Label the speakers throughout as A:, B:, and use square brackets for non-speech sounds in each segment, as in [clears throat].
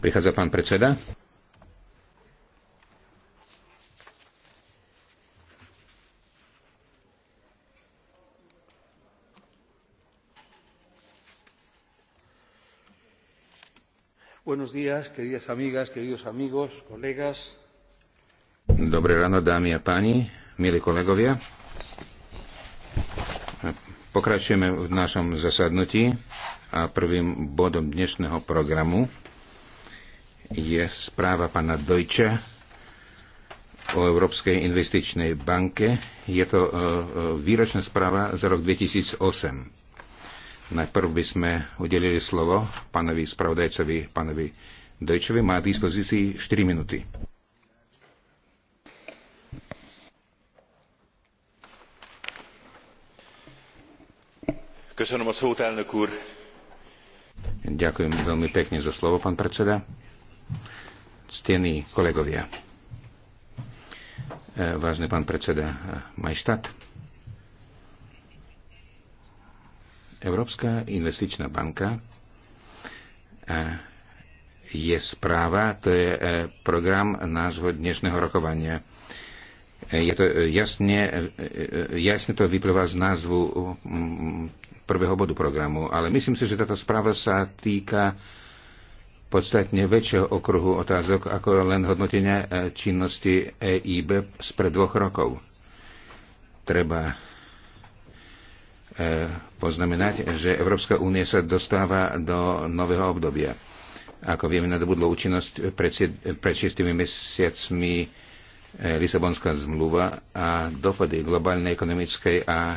A: Prichádza pán predseda. Buenos días, queridas amigas, queridos amigos, colegas. Dobré ráno, dámy a páni, milí kolegovia. Pokračujeme v našom zasadnutí a prvým bodom dnešného programu je správa pana Dojča o Európskej investičnej banke. Je to e, e, výročná správa za rok 2008. Najprv by sme udelili slovo pánovi spravodajcovi, pánovi Dojčovi. Má dispozícii 4 minúty. Ďakujem veľmi pekne za slovo, pán predseda. Ctení kolegovia. E, vážny pán predseda e, Majštát. Európska investičná banka e, je správa, to je program nášho dnešného rokovania. E, je to e, jasne, e, jasne to vyplýva z názvu prvého bodu programu, ale myslím si, že táto správa sa týka podstatne väčšieho okruhu otázok ako len hodnotenia činnosti EIB spred dvoch rokov. Treba poznamenať, že Európska únie sa dostáva do nového obdobia. Ako vieme, nadobudlo účinnosť pred, pred šiestimi mesiacmi E, Lisabonská zmluva a dopady globálnej ekonomickej a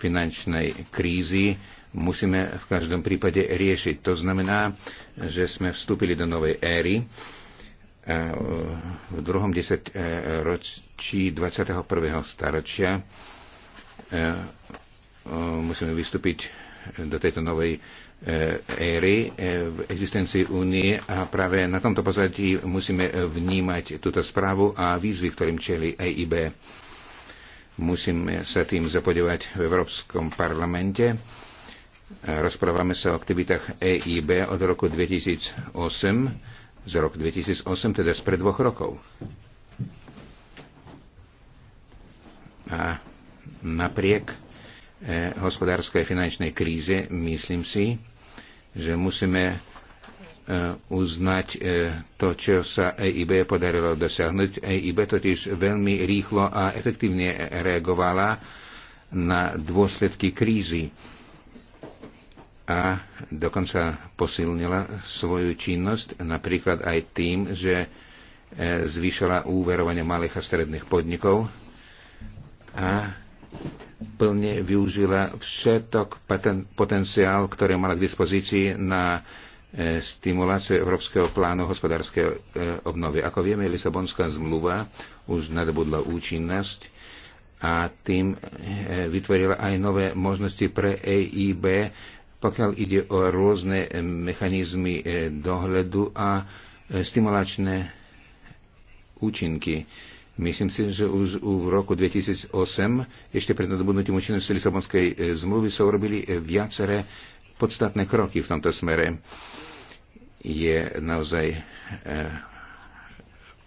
A: finančnej krízy musíme v každom prípade riešiť. To znamená, že sme vstúpili do novej éry e, v druhom desaťročí 21. storočia e, musíme vystúpiť do tejto novej E, éry e, v existencii únie a práve na tomto pozadí musíme vnímať túto správu a výzvy, ktorým čeli EIB. Musíme sa tým zapodívať v Európskom parlamente. Rozprávame sa o aktivitách EIB od roku 2008, z roku 2008, teda z pred dvoch rokov. A napriek E, hospodárskej a finančnej kríze, myslím si, že musíme e, uznať e, to, čo sa EIB podarilo dosiahnuť. EIB totiž veľmi rýchlo a efektívne reagovala na dôsledky krízy a dokonca posilnila svoju činnosť napríklad aj tým, že zvýšila úverovanie malých a stredných podnikov a plne využila všetok potenciál, ktorý mala k dispozícii na e, stimuláciu Európskeho plánu hospodárskej e, obnovy. Ako vieme, Lisabonská zmluva už nadobudla účinnosť a tým e, vytvorila aj nové možnosti pre EIB, pokiaľ ide o rôzne mechanizmy dohľadu a stimulačné účinky Myslím si, že už v roku 2008, ešte pred nadobudnutím účinnosti Lisabonskej e, zmluvy, sa urobili e, viaceré podstatné kroky v tomto smere. Je naozaj e,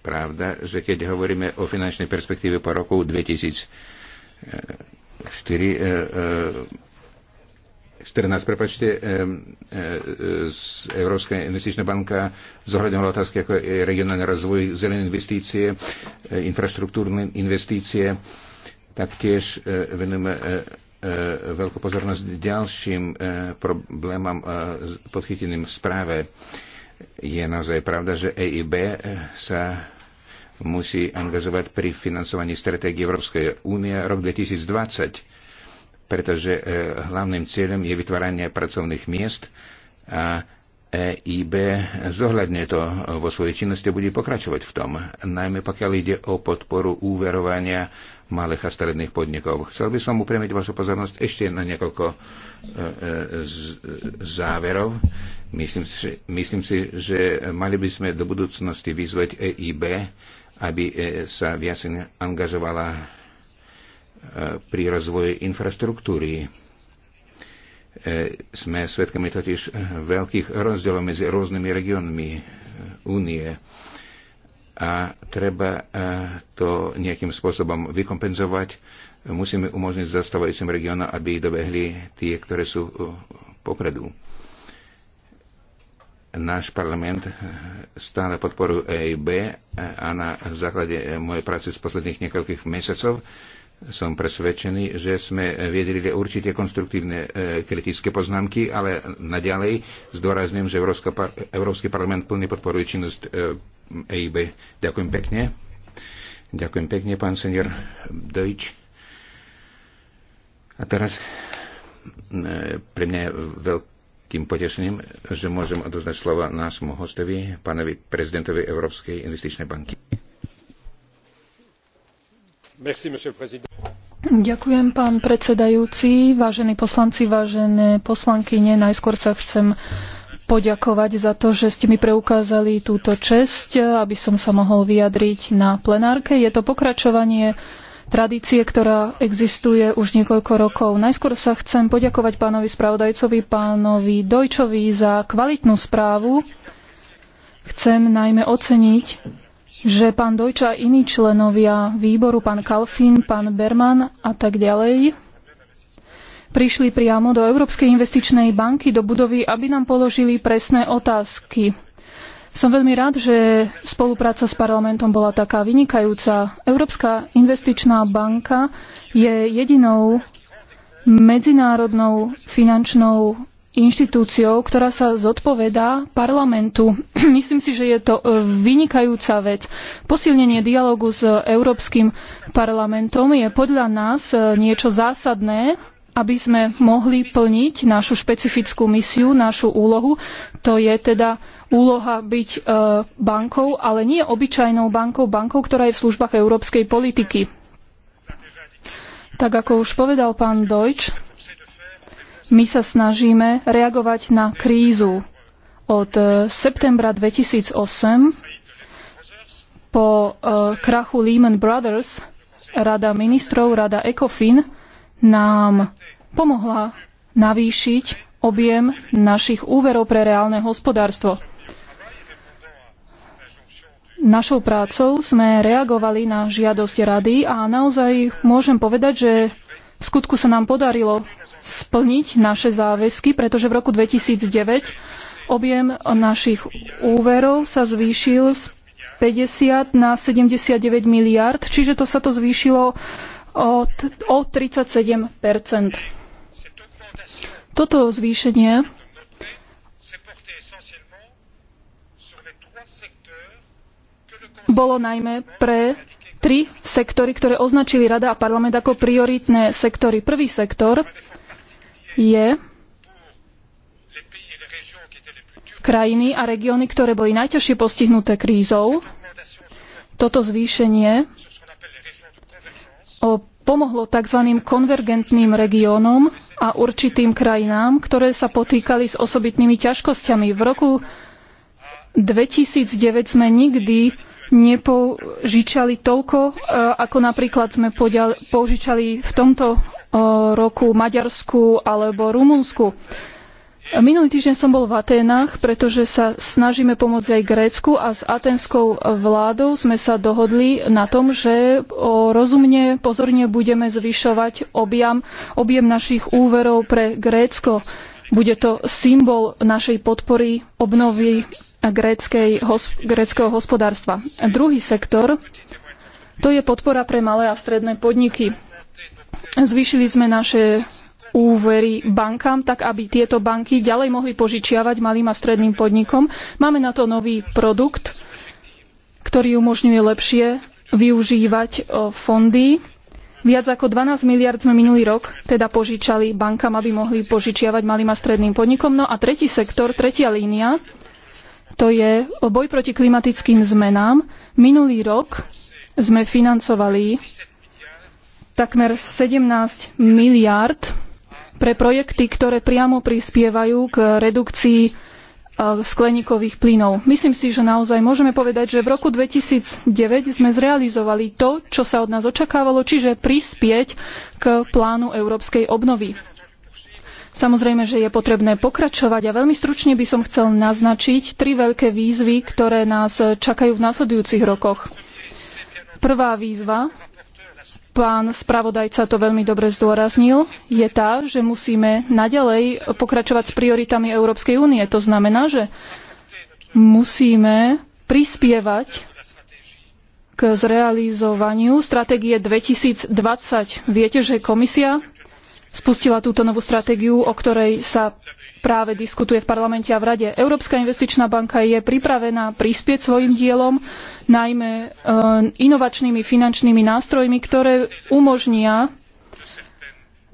A: pravda, že keď hovoríme o finančnej perspektíve po roku 2004, 14, prepačte, Európska investičná banka zohľadňovala otázky ako regionálny rozvoj, zelené investície, e, infraštruktúrne investície, taktiež e, venujeme e, veľkú pozornosť ďalším problémom podchyteným v správe. Je naozaj pravda, že EIB sa musí angažovať pri financovaní stratégie Európskej únie rok 2020 pretože e, hlavným cieľom je vytváranie pracovných miest a EIB zohľadne to vo svojej činnosti bude pokračovať v tom, najmä pokiaľ ide o podporu úverovania malých a stredných podnikov. Chcel by som upriamiť vašu pozornosť ešte na niekoľko e, e, záverov. Myslím si, myslím si, že mali by sme do budúcnosti vyzvať EIB, aby sa viac angažovala pri rozvoji infraštruktúry. E, sme svedkami totiž veľkých rozdielov medzi rôznymi regiónmi e, únie a treba e, to nejakým spôsobom vykompenzovať. Musíme umožniť zastávajúcim regiónom, aby dobehli tie, ktoré sú popredu. Náš parlament stále podporuje EIB a na základe mojej práce z posledných niekoľkých mesiacov som presvedčený, že sme viedrili určite konstruktívne e, kritické poznámky, ale naďalej zdôrazňujem, že Európsky parlament plne podporuje činnosť EIB. E Ďakujem pekne. Ďakujem pekne, pán senior Dojč. A teraz e, pre mňa je veľkým potešením, že môžem odoznať slova nášmu hostovi, pánovi prezidentovi Európskej investičnej banky.
B: Ďakujem, pán predsedajúci, vážení poslanci, vážené poslankyne. Najskôr sa chcem poďakovať za to, že ste mi preukázali túto česť, aby som sa mohol vyjadriť na plenárke. Je to pokračovanie tradície, ktorá existuje už niekoľko rokov. Najskôr sa chcem poďakovať pánovi spravodajcovi, pánovi Dojčovi za kvalitnú správu. Chcem najmä oceniť že pán Dojča a iní členovia výboru, pán Kalfin, pán Berman a tak ďalej, prišli priamo do Európskej investičnej banky, do budovy, aby nám položili presné otázky. Som veľmi rád, že spolupráca s parlamentom bola taká vynikajúca. Európska investičná banka je jedinou medzinárodnou finančnou inštitúciou, ktorá sa zodpovedá parlamentu. [clears throat] Myslím si, že je to e, vynikajúca vec. Posilnenie dialogu s Európskym parlamentom je podľa nás e, niečo zásadné, aby sme mohli plniť našu špecifickú misiu, našu úlohu. To je teda úloha byť e, bankou, ale nie obyčajnou bankou, bankou, ktorá je v službách európskej politiky. Tak ako už povedal pán Deutsch, my sa snažíme reagovať na krízu. Od e, septembra 2008 po e, krachu Lehman Brothers Rada ministrov, Rada ECOFIN nám pomohla navýšiť objem našich úverov pre reálne hospodárstvo. Našou prácou sme reagovali na žiadosť rady a naozaj môžem povedať, že v skutku sa nám podarilo splniť naše záväzky, pretože v roku 2009 objem našich úverov sa zvýšil z 50 na 79 miliard, čiže to sa to zvýšilo o, o 37 Toto zvýšenie bolo najmä pre tri sektory, ktoré označili Rada a parlament ako prioritné sektory. Prvý sektor je krajiny a regióny, ktoré boli najťažšie postihnuté krízou. Toto zvýšenie pomohlo tzv. konvergentným regiónom a určitým krajinám, ktoré sa potýkali s osobitnými ťažkosťami. V roku 2009 sme nikdy nepožičali toľko, e, ako napríklad sme požičali v tomto e, roku Maďarsku alebo Rumunsku. Minulý týždeň som bol v Aténach, pretože sa snažíme pomôcť aj Grécku a s aténskou vládou sme sa dohodli na tom, že rozumne, pozorne budeme zvyšovať objem, objem našich úverov pre Grécko. Bude to symbol našej podpory obnovy gréckého hospodárstva. A druhý sektor, to je podpora pre malé a stredné podniky. Zvýšili sme naše úvery bankám, tak aby tieto banky ďalej mohli požičiavať malým a stredným podnikom. Máme na to nový produkt, ktorý umožňuje lepšie využívať fondy Viac ako 12 miliard sme minulý rok teda požičali bankám, aby mohli požičiavať malým a stredným podnikom. No a tretí sektor, tretia línia, to je boj proti klimatickým zmenám. Minulý rok sme financovali takmer 17 miliard pre projekty, ktoré priamo prispievajú k redukcii E, skleníkových plynov. Myslím si, že naozaj môžeme povedať, že v roku 2009 sme zrealizovali to, čo sa od nás očakávalo, čiže prispieť k plánu európskej obnovy. Samozrejme, že je potrebné pokračovať a veľmi stručne by som chcel naznačiť tri veľké výzvy, ktoré nás čakajú v následujúcich rokoch. Prvá výzva pán spravodajca to veľmi dobre zdôraznil, je tá, že musíme naďalej pokračovať s prioritami Európskej únie. To znamená, že musíme prispievať k zrealizovaniu stratégie 2020. Viete, že komisia spustila túto novú stratégiu, o ktorej sa práve diskutuje v parlamente a v rade. Európska investičná banka je pripravená prispieť svojim dielom, najmä e, inovačnými finančnými nástrojmi, ktoré umožnia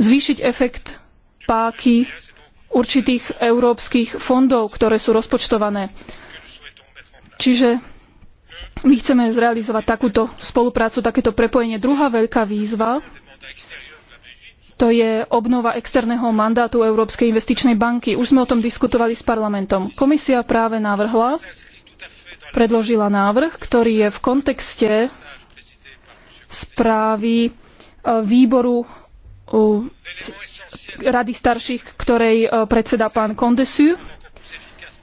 B: zvýšiť efekt páky určitých európskych fondov, ktoré sú rozpočtované. Čiže my chceme zrealizovať takúto spoluprácu, takéto prepojenie. Druhá veľká výzva to je obnova externého mandátu Európskej investičnej banky. Už sme o tom diskutovali s parlamentom. Komisia práve navrhla, predložila návrh, ktorý je v kontexte správy e, výboru e, Rady starších, ktorej e, predseda pán Kondesu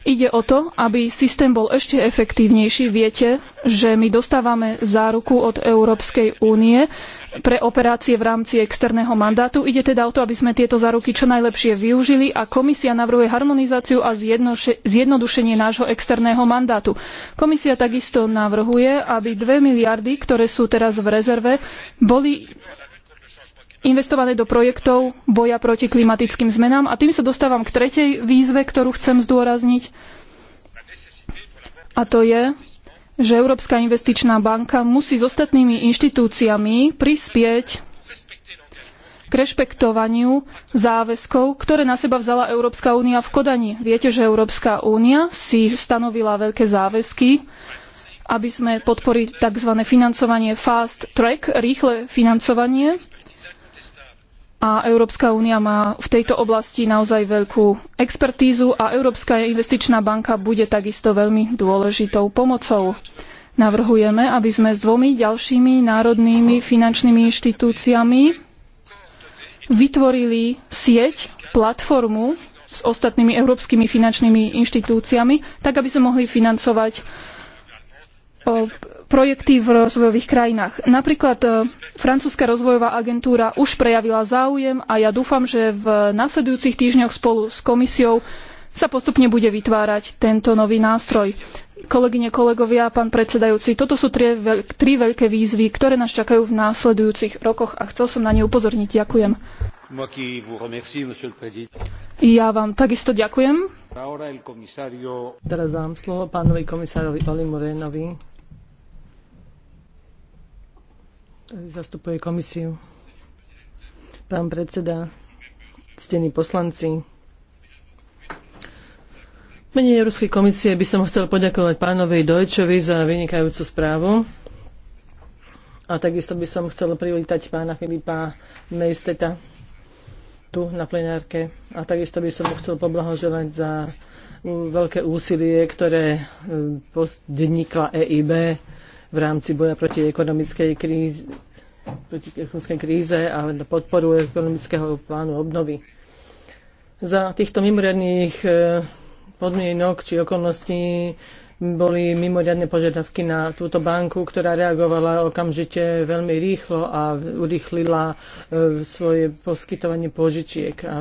B: Ide o to, aby systém bol ešte efektívnejší. Viete, že my dostávame záruku od Európskej únie pre operácie v rámci externého mandátu. Ide teda o to, aby sme tieto záruky čo najlepšie využili a komisia navrhuje harmonizáciu a zjednodušenie nášho externého mandátu. Komisia takisto navrhuje, aby dve miliardy, ktoré sú teraz v rezerve, boli investované do projektov boja proti klimatickým zmenám. A tým sa dostávam k tretej výzve, ktorú chcem zdôrazniť. A to je, že Európska investičná banka musí s ostatnými inštitúciami prispieť k rešpektovaniu záväzkov, ktoré na seba vzala Európska únia v Kodani. Viete, že Európska únia si stanovila veľké záväzky, aby sme podporili tzv. financovanie fast track, rýchle financovanie a Európska únia má v tejto oblasti naozaj veľkú expertízu a Európska investičná banka bude takisto veľmi dôležitou pomocou. Navrhujeme, aby sme s dvomi ďalšími národnými finančnými inštitúciami vytvorili sieť, platformu s ostatnými európskymi finančnými inštitúciami, tak aby sme mohli financovať projekty v rozvojových krajinách. Napríklad e, francúzska rozvojová agentúra už prejavila záujem a ja dúfam, že v nasledujúcich týždňoch spolu s komisiou sa postupne bude vytvárať tento nový nástroj. Kolegyne, kolegovia, pán predsedajúci, toto sú tri, veľk, tri veľké výzvy, ktoré nás čakajú v následujúcich rokoch a chcel som na ne upozorniť. Ďakujem. Ja vám takisto ďakujem. Teraz dám slovo pánovi komisárovi Oli
C: Morenovi. Zastupuje komisiu. Pán predseda, ctení poslanci, Menej Európskej komisie by som chcel poďakovať pánovi Dojčovi za vynikajúcu správu. A takisto by som chcel privítať pána Filipa Mejsteta tu na plenárke. A takisto by som mu chcel poblahoželať za veľké úsilie, ktoré e, podnikla EIB v rámci boja proti ekonomickej kríze, proti ekonomickej kríze a na podporu ekonomického plánu obnovy. Za týchto mimoriadných e, podmienok či okolností boli mimoriadne požiadavky na túto banku, ktorá reagovala okamžite veľmi rýchlo a urýchlila e, svoje poskytovanie požičiek. A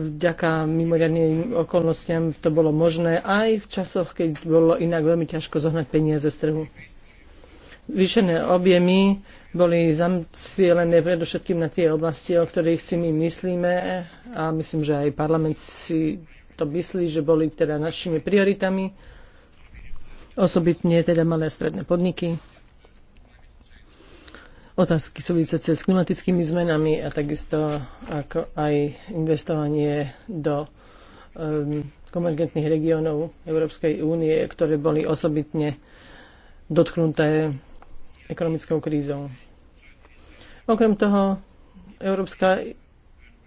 C: vďaka mimoriadným okolnostiam to bolo možné aj v časoch, keď bolo inak veľmi ťažko zohnať peniaze z trhu. Vyšené objemy boli zamcielené predovšetkým na tie oblasti, o ktorých si my myslíme a myslím, že aj parlament si to myslí, že boli teda našimi prioritami, osobitne teda malé a stredné podniky, otázky súvisiace s klimatickými zmenami a takisto ako aj investovanie do um, konvergentných regiónov Európskej únie, ktoré boli osobitne dotknuté ekonomickou krízou. Okrem toho, Európska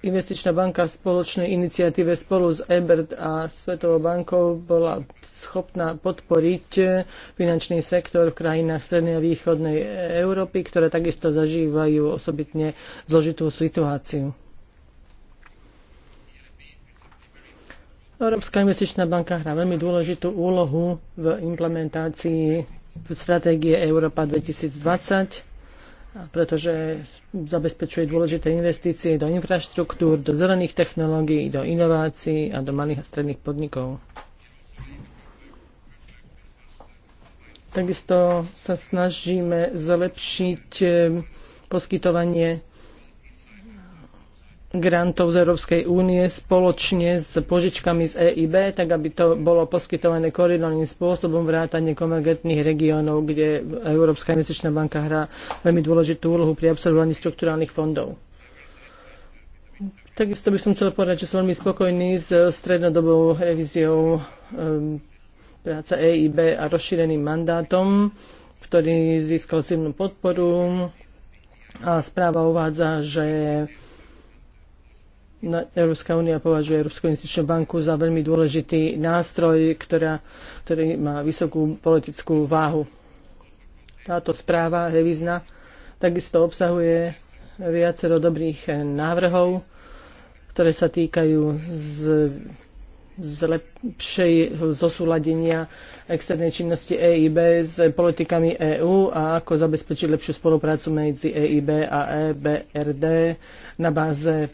C: investičná banka v spoločnej iniciatíve spolu s EBRD a Svetovou bankou bola schopná podporiť finančný sektor v krajinách Strednej a Východnej Európy, ktoré takisto zažívajú osobitne zložitú situáciu. Európska investičná banka hrá veľmi dôležitú úlohu v implementácii stratégie Európa 2020, pretože zabezpečuje dôležité investície do infraštruktúr, do zelených technológií, do inovácií a do malých a stredných podnikov. Takisto sa snažíme zlepšiť eh, poskytovanie grantov z Európskej únie spoločne s požičkami z EIB, tak aby to bolo poskytované koordinovaným spôsobom vrátane konvergentných regiónov, kde Európska investičná banka hrá veľmi dôležitú úlohu pri absolvovaní štrukturálnych fondov. Takisto by som chcela povedať, že som veľmi spokojný s strednodobou revíziou ehm, práce EIB a rozšíreným mandátom, ktorý získal silnú podporu. A správa uvádza, že Európska únia považuje Európsku investičnú banku za veľmi dôležitý nástroj, ktorá, ktorý má vysokú politickú váhu. Táto správa revízna takisto obsahuje viacero dobrých návrhov, ktoré sa týkajú z z lepšej zosúladenia externej činnosti EIB s politikami EÚ a ako zabezpečiť lepšiu spoluprácu medzi EIB a EBRD na báze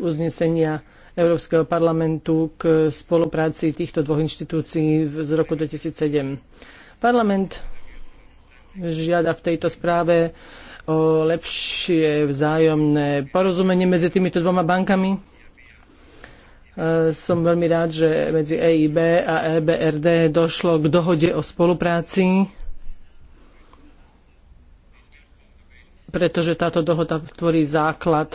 C: uznesenia Európskeho parlamentu k spolupráci týchto dvoch inštitúcií z roku 2007. Parlament žiada v tejto správe o lepšie vzájomné porozumenie medzi týmito dvoma bankami E, som veľmi rád, že medzi EIB a EBRD došlo k dohode o spolupráci, pretože táto dohoda tvorí základ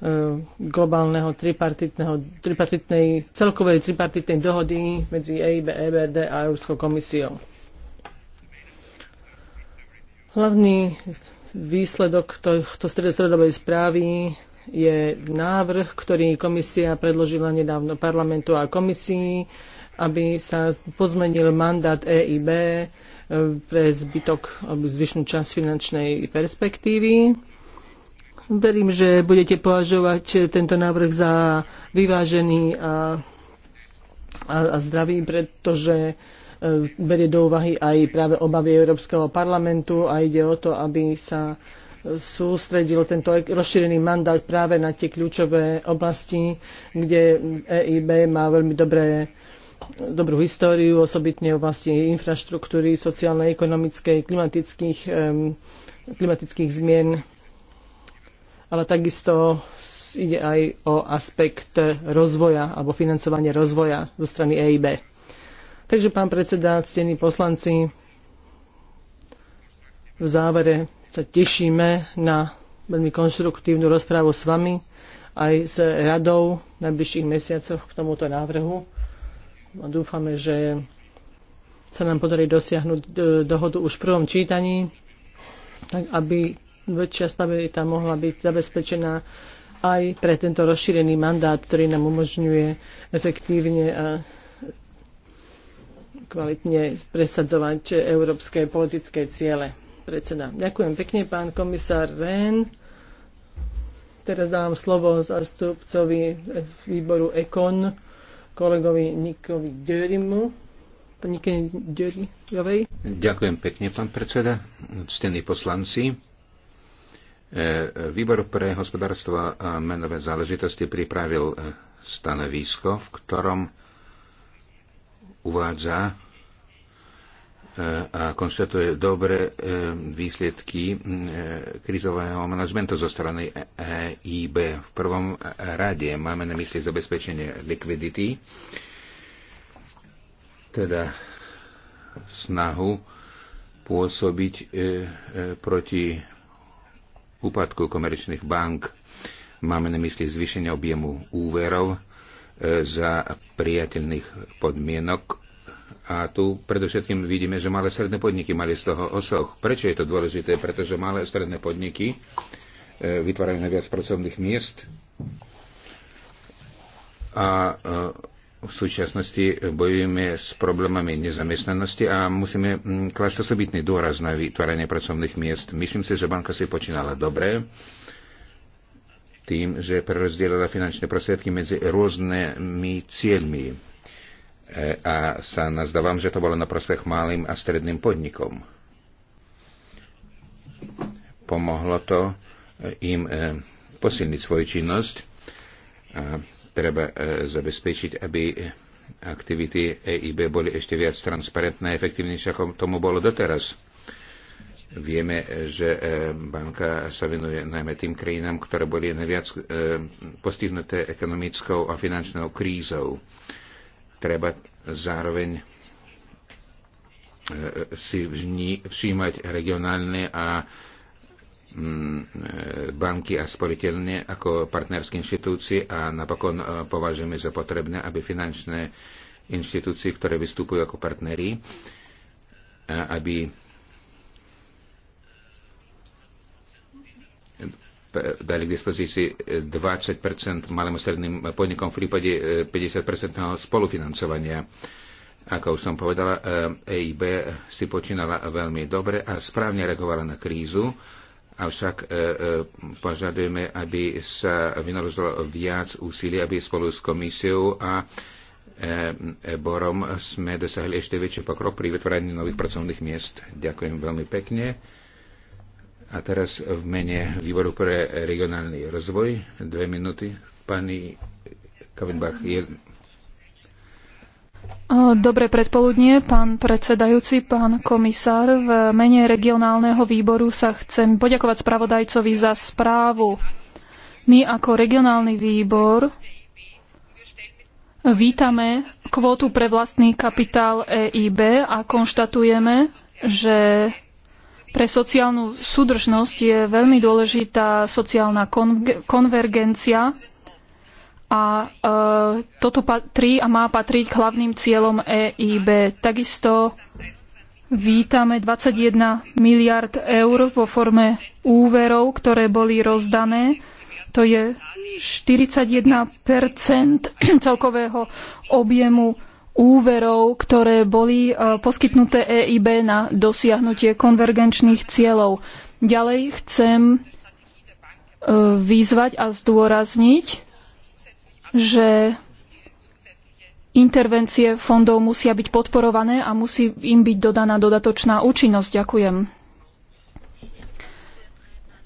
C: e, globálneho tripartitného, tripartitnej, celkovej tripartitnej dohody medzi EIB, EBRD a Európskou komisiou. Hlavný výsledok tohto stredostredovej správy je návrh, ktorý komisia predložila nedávno parlamentu a komisii, aby sa pozmenil mandát EIB e, pre zbytok, zvyšnú časť finančnej perspektívy. Verím, že budete považovať tento návrh za vyvážený a, a, a zdravý, pretože e, berie do úvahy aj práve obavy Európskeho parlamentu a ide o to, aby sa sústredil tento rozšírený mandát práve na tie kľúčové oblasti, kde EIB má veľmi dobré dobrú históriu, osobitne oblasti infraštruktúry, sociálnej, ekonomickej, klimatických, klimatických zmien, ale takisto ide aj o aspekt rozvoja alebo financovanie rozvoja zo strany EIB. Takže, pán predseda, ctení poslanci, v závere sa tešíme na veľmi konstruktívnu rozprávu s vami aj s radou v najbližších mesiacoch k tomuto návrhu. A dúfame, že sa nám podarí dosiahnuť e, dohodu už v prvom čítaní, tak aby väčšia stabilita mohla byť zabezpečená aj pre tento rozšírený mandát, ktorý nám umožňuje efektívne a kvalitne presadzovať európske politické ciele predseda. Ďakujem pekne, pán komisár Rehn. Teraz dávam slovo zastupcovi výboru EKON, kolegovi Nikovi Dörimu. Nikovi Dörimovej.
A: Ďakujem pekne, pán predseda, ctení poslanci. E, výbor pre hospodárstvo a menové záležitosti pripravil e, stanovisko, v ktorom uvádza a konštatuje dobré e, výsledky e, krizového manažmentu zo strany EIB. E v prvom rade máme na mysli zabezpečenie likvidity, teda snahu pôsobiť proti úpadku komerčných bank. Máme na mysli zvýšenie objemu úverov za priateľných podmienok a tu predovšetkým vidíme, že malé stredné podniky mali z toho osoch. Prečo je to dôležité? Pretože malé stredné podniky e, vytvárajú najviac pracovných miest a e, v súčasnosti bojujeme s problémami nezamestnanosti a musíme klásť osobitný dôraz na vytváranie pracovných miest. Myslím si, že banka si počínala dobre tým, že prerozdielala finančné prostriedky medzi rôznymi cieľmi E, a sa nazdávam, že to bolo na prospech malým a stredným podnikom. Pomohlo to e, im e, posilniť svoju činnosť a treba zabezpečiť, aby aktivity EIB boli ešte viac transparentné a efektívnejšie, ako tomu bolo doteraz. Vieme, že banka sa venuje najmä tým krajinám, ktoré boli najviac postihnuté ekonomickou a finančnou krízou. Treba zároveň e, e, si všímať regionálne a mm, e, banky a sporiteľne ako partnerské inštitúcie a napokon považujeme za potrebné, aby finančné inštitúcie, ktoré vystupujú ako partneri, aby dali k dispozícii 20 e, malým a stredným podnikom v prípade 50 e, spolufinancovania. Ako už som povedala, EIB e si počínala veľmi dobre a správne reagovala na krízu, avšak požadujeme, aby sa vynaložilo viac úsilí, aby spolu s komisiou a Borom sme dosahli ešte väčší pokrok pri vytváraní nových pracovných miest. Ďakujem veľmi pekne. A teraz v mene Výboru pre regionálny rozvoj, dve minúty, pani Kavinbach, Je...
B: Dobré predpoludnie, pán predsedajúci, pán komisár. V mene regionálneho výboru sa chcem poďakovať spravodajcovi za správu. My ako regionálny výbor vítame kvótu pre vlastný kapitál EIB a konštatujeme, že pre sociálnu súdržnosť je veľmi dôležitá sociálna konvergencia a e, toto patrí a má patriť k hlavným cieľom EIB. Takisto vítame 21 miliard eur vo forme úverov, ktoré boli rozdané. To je 41 [clears throat] celkového objemu úverov, ktoré boli e, poskytnuté EIB na dosiahnutie konvergenčných cieľov. Ďalej chcem e, vyzvať a zdôrazniť, že intervencie fondov musia byť podporované a musí im byť dodaná dodatočná účinnosť. Ďakujem.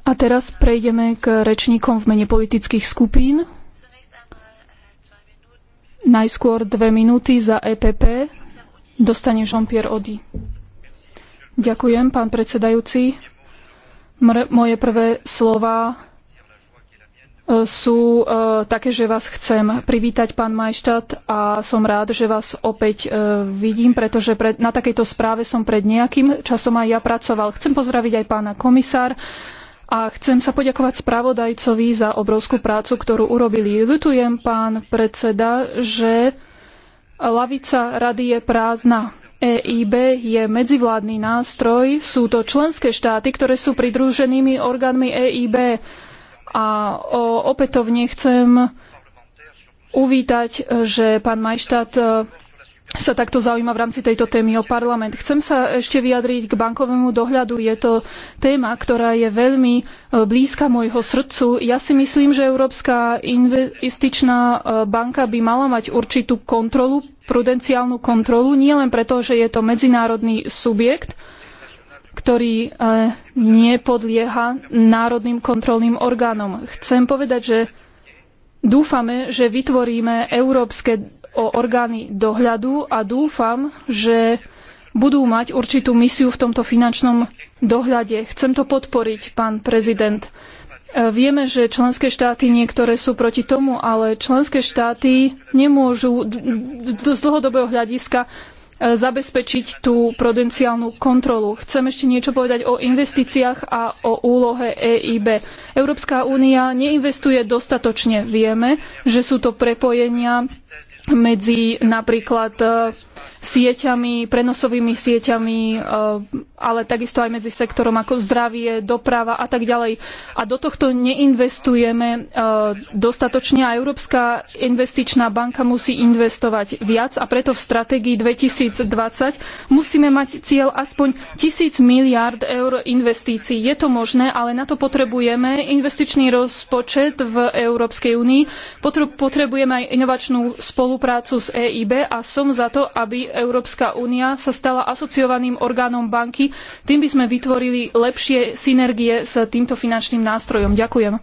B: A teraz prejdeme k rečníkom v mene politických skupín. Najskôr dve minúty za EPP dostane Jean-Pierre Ody. Ďakujem, pán predsedajúci. Moje prvé slova e, sú e, také, že vás chcem privítať, pán Majštát, a som rád, že vás opäť e, vidím, pretože na takejto správe som pred nejakým časom aj ja pracoval. Chcem pozdraviť aj pána komisár, a chcem sa poďakovať spravodajcovi za obrovskú prácu, ktorú urobili. Ľutujem, pán predseda, že lavica rady je prázdna. EIB je medzivládny nástroj, sú to členské štáty, ktoré sú pridruženými orgánmi EIB. A opätovne chcem uvítať, že pán Majštát sa takto zaujíma v rámci tejto témy o parlament. Chcem sa ešte vyjadriť k bankovému dohľadu. Je to téma, ktorá je veľmi e, blízka môjho srdcu. Ja si myslím, že Európska investičná e, banka by mala mať určitú kontrolu, prudenciálnu kontrolu, nielen preto, že je to medzinárodný subjekt, ktorý e, nepodlieha národným kontrolným orgánom. Chcem povedať, že dúfame, že vytvoríme európske o orgány dohľadu a dúfam, že budú mať určitú misiu v tomto finančnom dohľade. Chcem to podporiť, pán prezident. E, vieme, že členské štáty niektoré sú proti tomu, ale členské štáty nemôžu z dlhodobého hľadiska e, zabezpečiť tú prudenciálnu kontrolu. Chcem ešte niečo povedať o investíciách a o úlohe EIB. Európska únia neinvestuje dostatočne. Vieme, že sú to prepojenia medzi napríklad e, sieťami, prenosovými sieťami, e, ale takisto aj medzi sektorom ako zdravie, doprava a tak ďalej. A do tohto neinvestujeme e, dostatočne a Európska investičná banka musí investovať viac a preto v stratégii 2020 musíme mať cieľ aspoň tisíc miliárd eur investícií. Je to možné, ale na to potrebujeme investičný rozpočet v Európskej únii, potrebujeme aj inovačnú spoločnosť, spoluprácu s EIB a som za to, aby Európska únia sa stala asociovaným orgánom banky. Tým by sme vytvorili lepšie synergie s týmto finančným nástrojom. Ďakujem.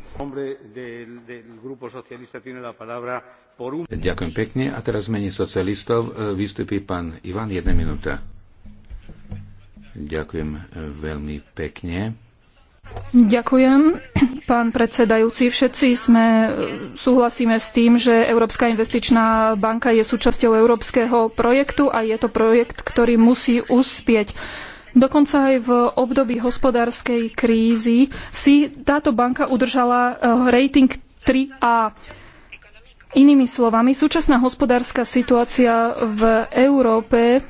A: Ďakujem pekne. A teraz mene socialistov e, vystupí pán Ivan. Jedna minúta. Ďakujem e, veľmi pekne.
B: Ďakujem. Pán predsedajúci, všetci sme, e, súhlasíme s tým, že Európska investičná banka je súčasťou európskeho projektu a je to projekt, ktorý musí uspieť. Dokonca aj v období hospodárskej krízy si táto banka udržala e, rating 3A. Inými slovami, súčasná hospodárska situácia v Európe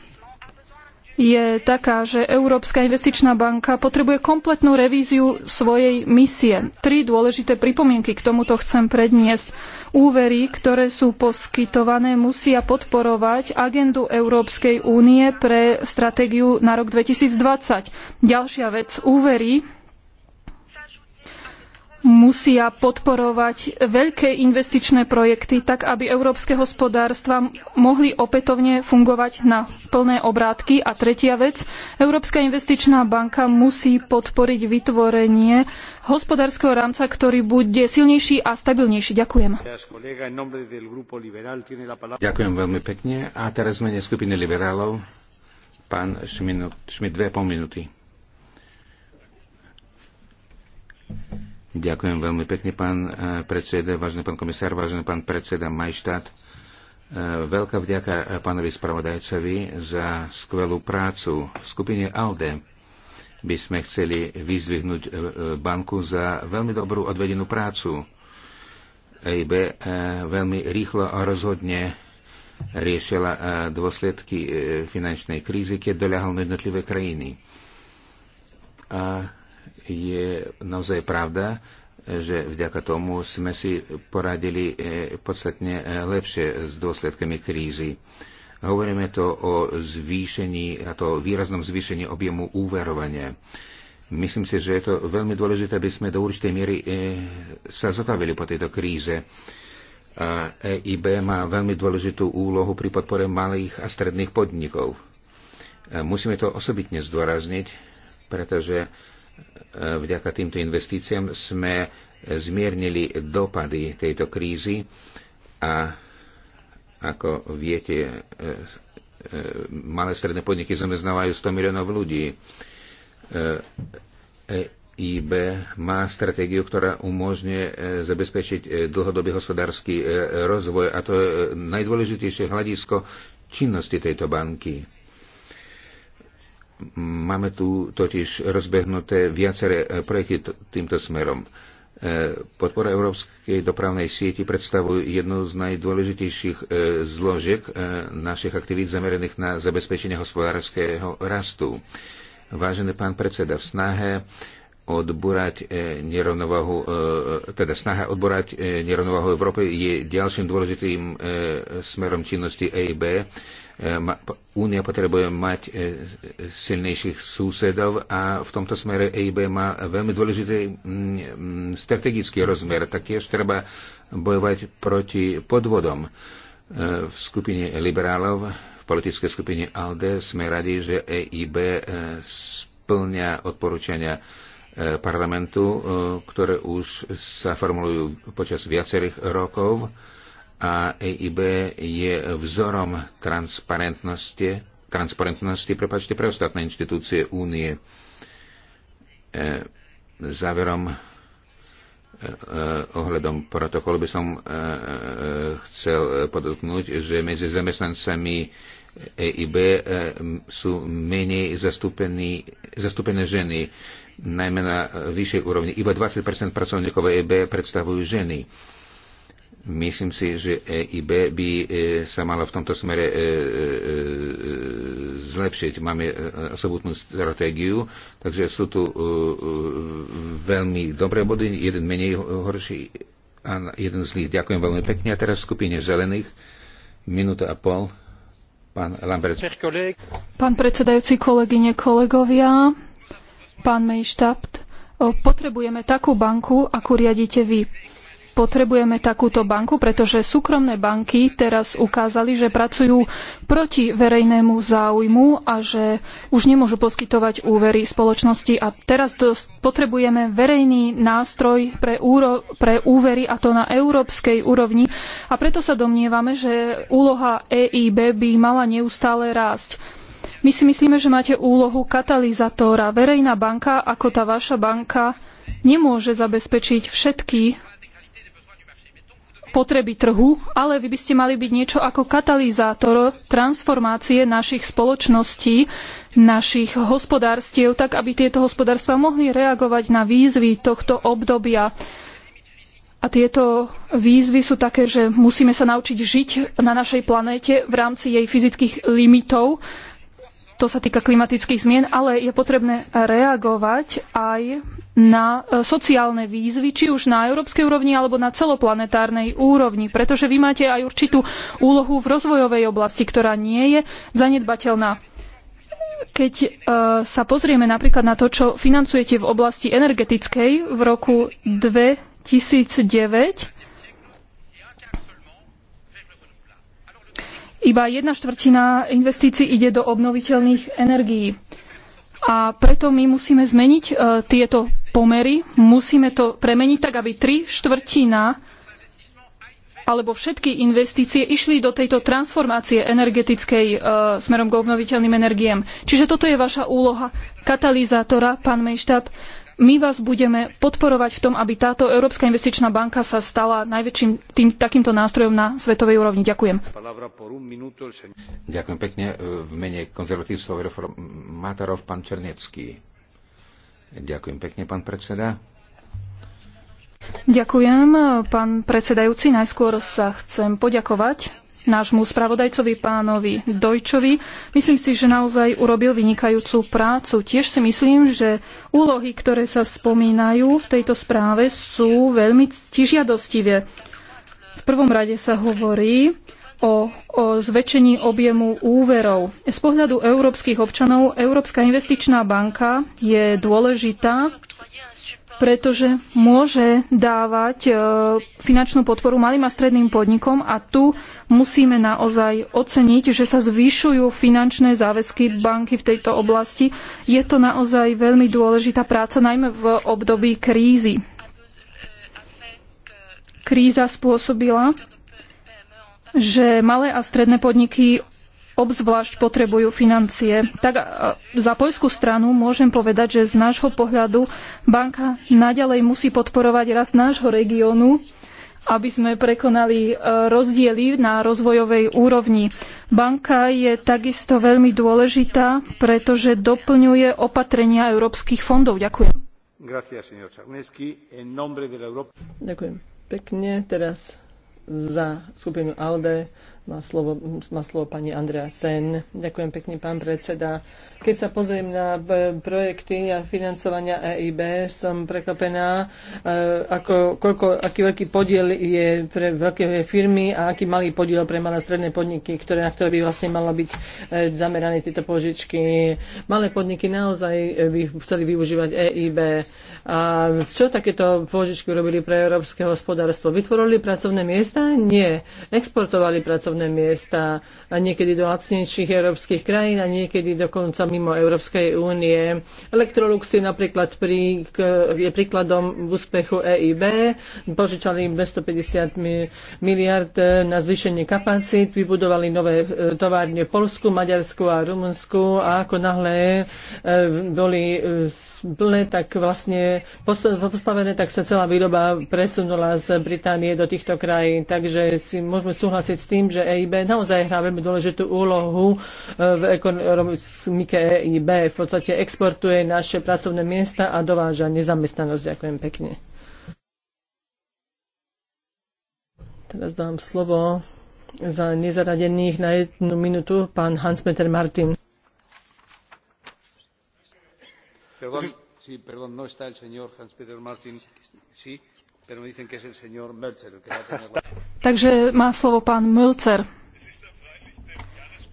B: je taká, že Európska investičná banka potrebuje kompletnú revíziu svojej misie. Tri dôležité pripomienky k tomuto chcem predniesť. Úvery, ktoré sú poskytované, musia podporovať agendu Európskej únie pre stratégiu na rok 2020. Ďalšia vec, úvery musia podporovať veľké investičné projekty, tak aby európske hospodárstva mohli opätovne fungovať na plné obrátky. A tretia vec, Európska investičná banka musí podporiť vytvorenie hospodárskeho rámca, ktorý bude silnejší a stabilnejší. Ďakujem.
C: Ďakujem veľmi pekne.
A: A teraz mene skupiny liberálov, pán Šmit, dve pol minúty. Ďakujem veľmi pekne, pán e, predseda, vážený pán komisár, vážený pán predseda Majštát. E, veľká vďaka e, pánovi spravodajcovi za skvelú prácu. V skupine ALDE by sme chceli vyzdvihnúť banku za veľmi dobrú odvedenú prácu. EIB veľmi rýchlo a rozhodne riešila dôsledky finančnej krízy, keď doľahol na jednotlivé krajiny. A je naozaj pravda, že vďaka tomu sme si poradili e, podstatne e, lepšie s dôsledkami krízy. Hovoríme to o zvýšení, a to výraznom zvýšení objemu úverovania. Myslím si, že je to veľmi dôležité, aby sme do určitej miery e, sa zotavili po tejto kríze. A EIB má veľmi dôležitú úlohu pri podpore malých a stredných podnikov. Musíme to osobitne zdôrazniť, pretože E, vďaka týmto investíciám sme zmiernili dopady tejto krízy a ako viete, e, e, malé stredné podniky zamestnávajú 100 miliónov ľudí. EIB má stratégiu, ktorá umožňuje zabezpečiť dlhodobý hospodársky rozvoj a to je najdôležitejšie hľadisko činnosti tejto banky Máme tu totiž rozbehnuté viaceré e, projekty týmto smerom. E, podpora európskej dopravnej sieti predstavuje jednu z najdôležitejších e, zložiek našich aktivít zameraných na zabezpečenie hospodárskeho rastu. Vážený pán predseda, v snahe odborať nerovnováhu, teda snaha odborať nerovnováhu Európy je ďalším dôležitým smerom činnosti EIB E, Únia potrebuje mať e, silnejších susedov a v tomto smere EIB má veľmi dôležitý strategický rozmer. Taktiež treba bojovať proti podvodom. E, v skupine liberálov, v politickej skupine ALDE sme radi, že EIB splňa odporúčania parlamentu, ktoré už sa formulujú počas viacerých rokov a EIB je vzorom transparentnosti, transparentnosti prepáčte, pre ostatné inštitúcie únie. E, záverom e, e, ohľadom protokolu by som e, chcel podotknúť, že medzi zamestnancami EIB sú menej zastúpené ženy, najmä na vyššej úrovni. Iba 20 pracovníkov EIB predstavujú ženy. Myslím si, že EIB by e, sa mala v tomto smere e, e, zlepšiť. Máme osobutnú stratégiu, takže sú tu veľmi dobré body, jeden menej horší a jeden z nich. Ďakujem veľmi pekne. A teraz skupine zelených. Minúta a pol. Pán Lambert.
B: Pán predsedajúci, kolegyne, kolegovia, pán Mejštapt, potrebujeme takú banku, akú riadite vy potrebujeme takúto banku, pretože súkromné banky teraz ukázali, že pracujú proti verejnému záujmu a že už nemôžu poskytovať úvery spoločnosti. A teraz potrebujeme verejný nástroj pre, úro, pre úvery a to na európskej úrovni. A preto sa domnievame, že úloha EIB by mala neustále rásť. My si myslíme, že máte úlohu katalizátora. Verejná banka, ako tá vaša banka, nemôže zabezpečiť všetky potreby trhu, ale vy by ste mali byť niečo ako katalizátor transformácie našich spoločností, našich hospodárstiev, tak aby tieto hospodárstva mohli reagovať na výzvy tohto obdobia. A tieto výzvy sú také, že musíme sa naučiť žiť na našej planéte v rámci jej fyzických limitov, to sa týka klimatických zmien, ale je potrebné reagovať aj na e, sociálne výzvy, či už na európskej úrovni alebo na celoplanetárnej úrovni, pretože vy máte aj určitú úlohu v rozvojovej oblasti, ktorá nie je zanedbateľná. Keď e, sa pozrieme napríklad na to, čo financujete v oblasti energetickej v roku 2009, Iba jedna štvrtina investícií ide do obnoviteľných energií. A preto my musíme zmeniť e, tieto pomery, musíme to premeniť tak, aby tri štvrtina alebo všetky investície išli do tejto transformácie energetickej e, smerom k obnoviteľným energiám. Čiže toto je vaša úloha katalizátora, pán Mejštáb my vás budeme podporovať v tom, aby táto Európska investičná banka sa stala najväčším tým, takýmto nástrojom na svetovej úrovni. Ďakujem.
A: Ďakujem pekne. V mene konzervatívcov reformátorov pán Černecký. Ďakujem pekne, pán predseda.
B: Ďakujem, pán predsedajúci. Najskôr sa chcem poďakovať nášmu spravodajcovi pánovi Dojčovi. Myslím si, že naozaj urobil vynikajúcu prácu. Tiež si myslím, že úlohy, ktoré sa spomínajú v tejto správe, sú veľmi ctižiadostivé. V prvom rade sa hovorí, o, o zväčšení objemu úverov. Z pohľadu európskych občanov Európska investičná banka je dôležitá pretože môže dávať e, finančnú podporu malým a stredným podnikom a tu musíme naozaj oceniť, že sa zvyšujú finančné záväzky banky v tejto oblasti. Je to naozaj veľmi dôležitá práca, najmä v období krízy. Kríza spôsobila, že malé a stredné podniky obzvlášť potrebujú financie. Tak e, za poľskú stranu môžem povedať, že z nášho pohľadu banka naďalej musí podporovať rast nášho regiónu, aby sme prekonali e, rozdiely na rozvojovej úrovni. Banka je takisto veľmi dôležitá, pretože doplňuje opatrenia európskych fondov. Ďakujem. Ďakujem pekne. Teraz za skupinu ALDE
C: má slovo, má slovo pani Andrea Sen. Ďakujem pekne, pán predseda. Keď sa pozriem na e, projekty a financovania EIB, som prekvapená, e, ako, koľko, aký veľký podiel je pre veľké firmy a aký malý podiel pre malé stredné podniky, ktoré, na ktoré by vlastne malo byť e, zamerané tieto požičky. Malé podniky naozaj by chceli využívať EIB. A čo takéto požičky robili pre európske hospodárstvo? Vytvorili pracovné miesta? Nie. Exportovali pracovné pracovné miesta a niekedy do lacnejších európskych krajín a niekedy dokonca mimo Európskej únie. Electrolux je napríklad prí, je príkladom úspechu EIB. Požičali 250 miliard na zvýšenie kapacít, vybudovali nové e, továrne v Polsku, Maďarsku a Rumunsku a ako nahlé e, boli e, plné, tak vlastne postavené, tak sa celá výroba presunula z Británie do týchto krajín. Takže si môžeme súhlasiť s tým, že EIB naozaj hrá veľmi dôležitú úlohu e, v ekonomike EIB. V podstate exportuje naše pracovné miesta a dováža nezamestnanosť. Ďakujem pekne. Teraz dám slovo za nezaradených na jednu minútu pán Hans-Peter Martin.
A: Perdón, sí, perdón, no está el señor Hans-Peter Martin. Sí,
B: Takže má slovo pán Mölzer.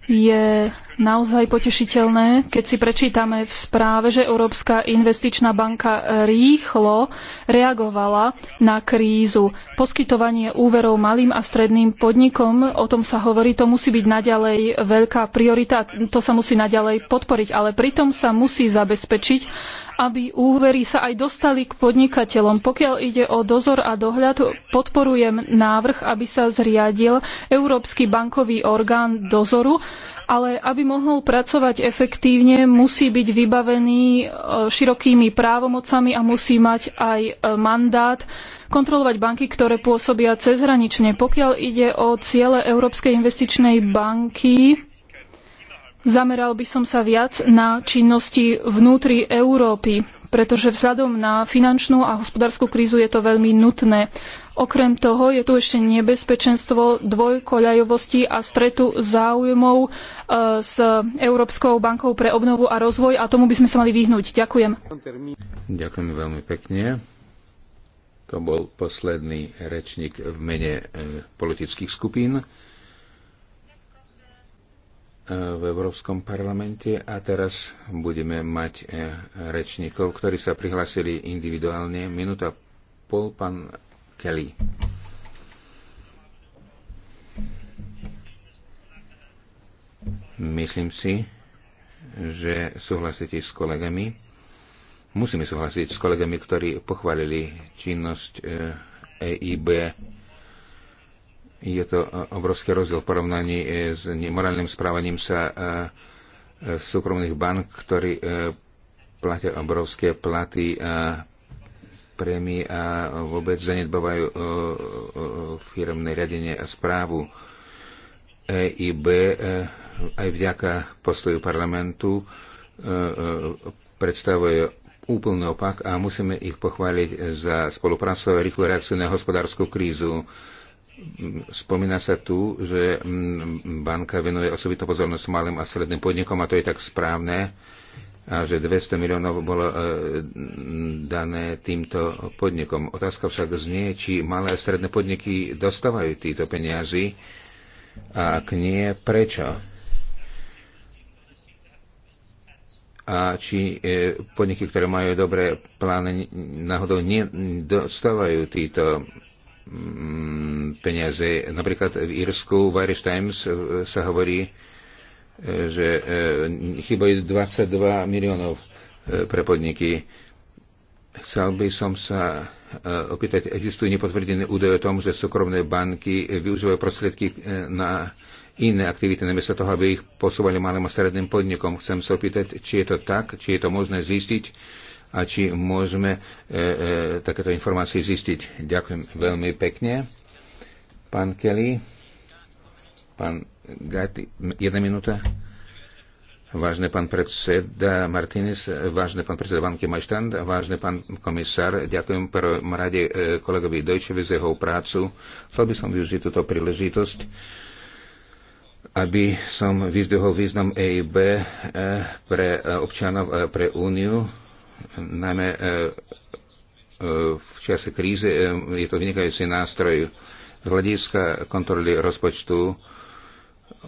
B: Je naozaj potešiteľné, keď si prečítame v správe, že Európska investičná banka rýchlo reagovala na krízu. Poskytovanie úverov malým a stredným podnikom, o tom sa hovorí, to musí byť naďalej veľká priorita, to sa musí naďalej podporiť, ale pritom sa musí zabezpečiť, aby úvery sa aj dostali k podnikateľom. Pokiaľ ide o dozor a dohľad, podporujem návrh, aby sa zriadil Európsky bankový orgán dozoru, ale aby mohol pracovať efektívne, musí byť vybavený e, širokými právomocami a musí mať aj e, mandát kontrolovať banky, ktoré pôsobia cezhranične. Pokiaľ ide o ciele Európskej investičnej banky, Zameral by som sa viac na činnosti vnútri Európy, pretože vzhľadom na finančnú a hospodárskú krízu je to veľmi nutné. Okrem toho je tu ešte nebezpečenstvo dvojkoľajovosti a stretu záujmov e, s Európskou bankou pre obnovu a rozvoj a tomu by sme sa mali vyhnúť. Ďakujem.
A: Ďakujem veľmi pekne. To bol posledný rečník v mene e, politických skupín v Európskom parlamente a teraz budeme mať e, rečníkov, ktorí sa prihlásili individuálne. Minúta pol, pán Kelly. Myslím si, že súhlasíte s kolegami. Musíme súhlasiť s kolegami, ktorí pochválili činnosť EIB e je to e, obrovský rozdiel v porovnaní e, s nemorálnym správaním sa e, súkromných bank, ktorí platia obrovské platy a prémie a vôbec zanedbávajú firmné riadenie a správu. EIB aj vďaka postoju parlamentu predstavuje úplný opak a musíme ich pochváliť za spoluprácu a rýchlu reakciu na hospodárskú krízu. Spomína sa tu, že mm, banka venuje osobitú pozornosť malým a stredným podnikom a to je tak správne a že 200 miliónov bolo e, dané týmto podnikom. Otázka však znie, či malé a stredné podniky dostávajú títo peniazy a ak nie, prečo? A či e, podniky, ktoré majú dobré plány, náhodou nedostávajú títo Mm, peniaze. Napríklad v Írsku v Irish Times e, sa hovorí, e, že e, chybajú 22 miliónov pre podniky. Chcel by som sa opýtať, existujú nepotvrdené údaje o tom, že súkromné banky využívajú prostriedky na iné aktivity, namiesto toho, aby ich posúvali malým a stredným podnikom. Chcem sa opýtať, či je to tak, či je to možné zistiť a či môžeme e, e, takéto informácie zistiť. Ďakujem veľmi pekne. Pán Kelly, pán Gatti, jedna minúta. Vážne pán predseda Martinez, vážne pán predseda Banky Majštand, vážne pán komisár, ďakujem prvom rade e, kolegovi Dojčevi za jeho prácu. Chcel by som využiť túto príležitosť, aby som vyzdvihol význam EIB e, pre občanov, e, pre Úniu najmä e, e, v čase krízy e, je to vynikajúci nástroj. Z hľadiska kontroly rozpočtu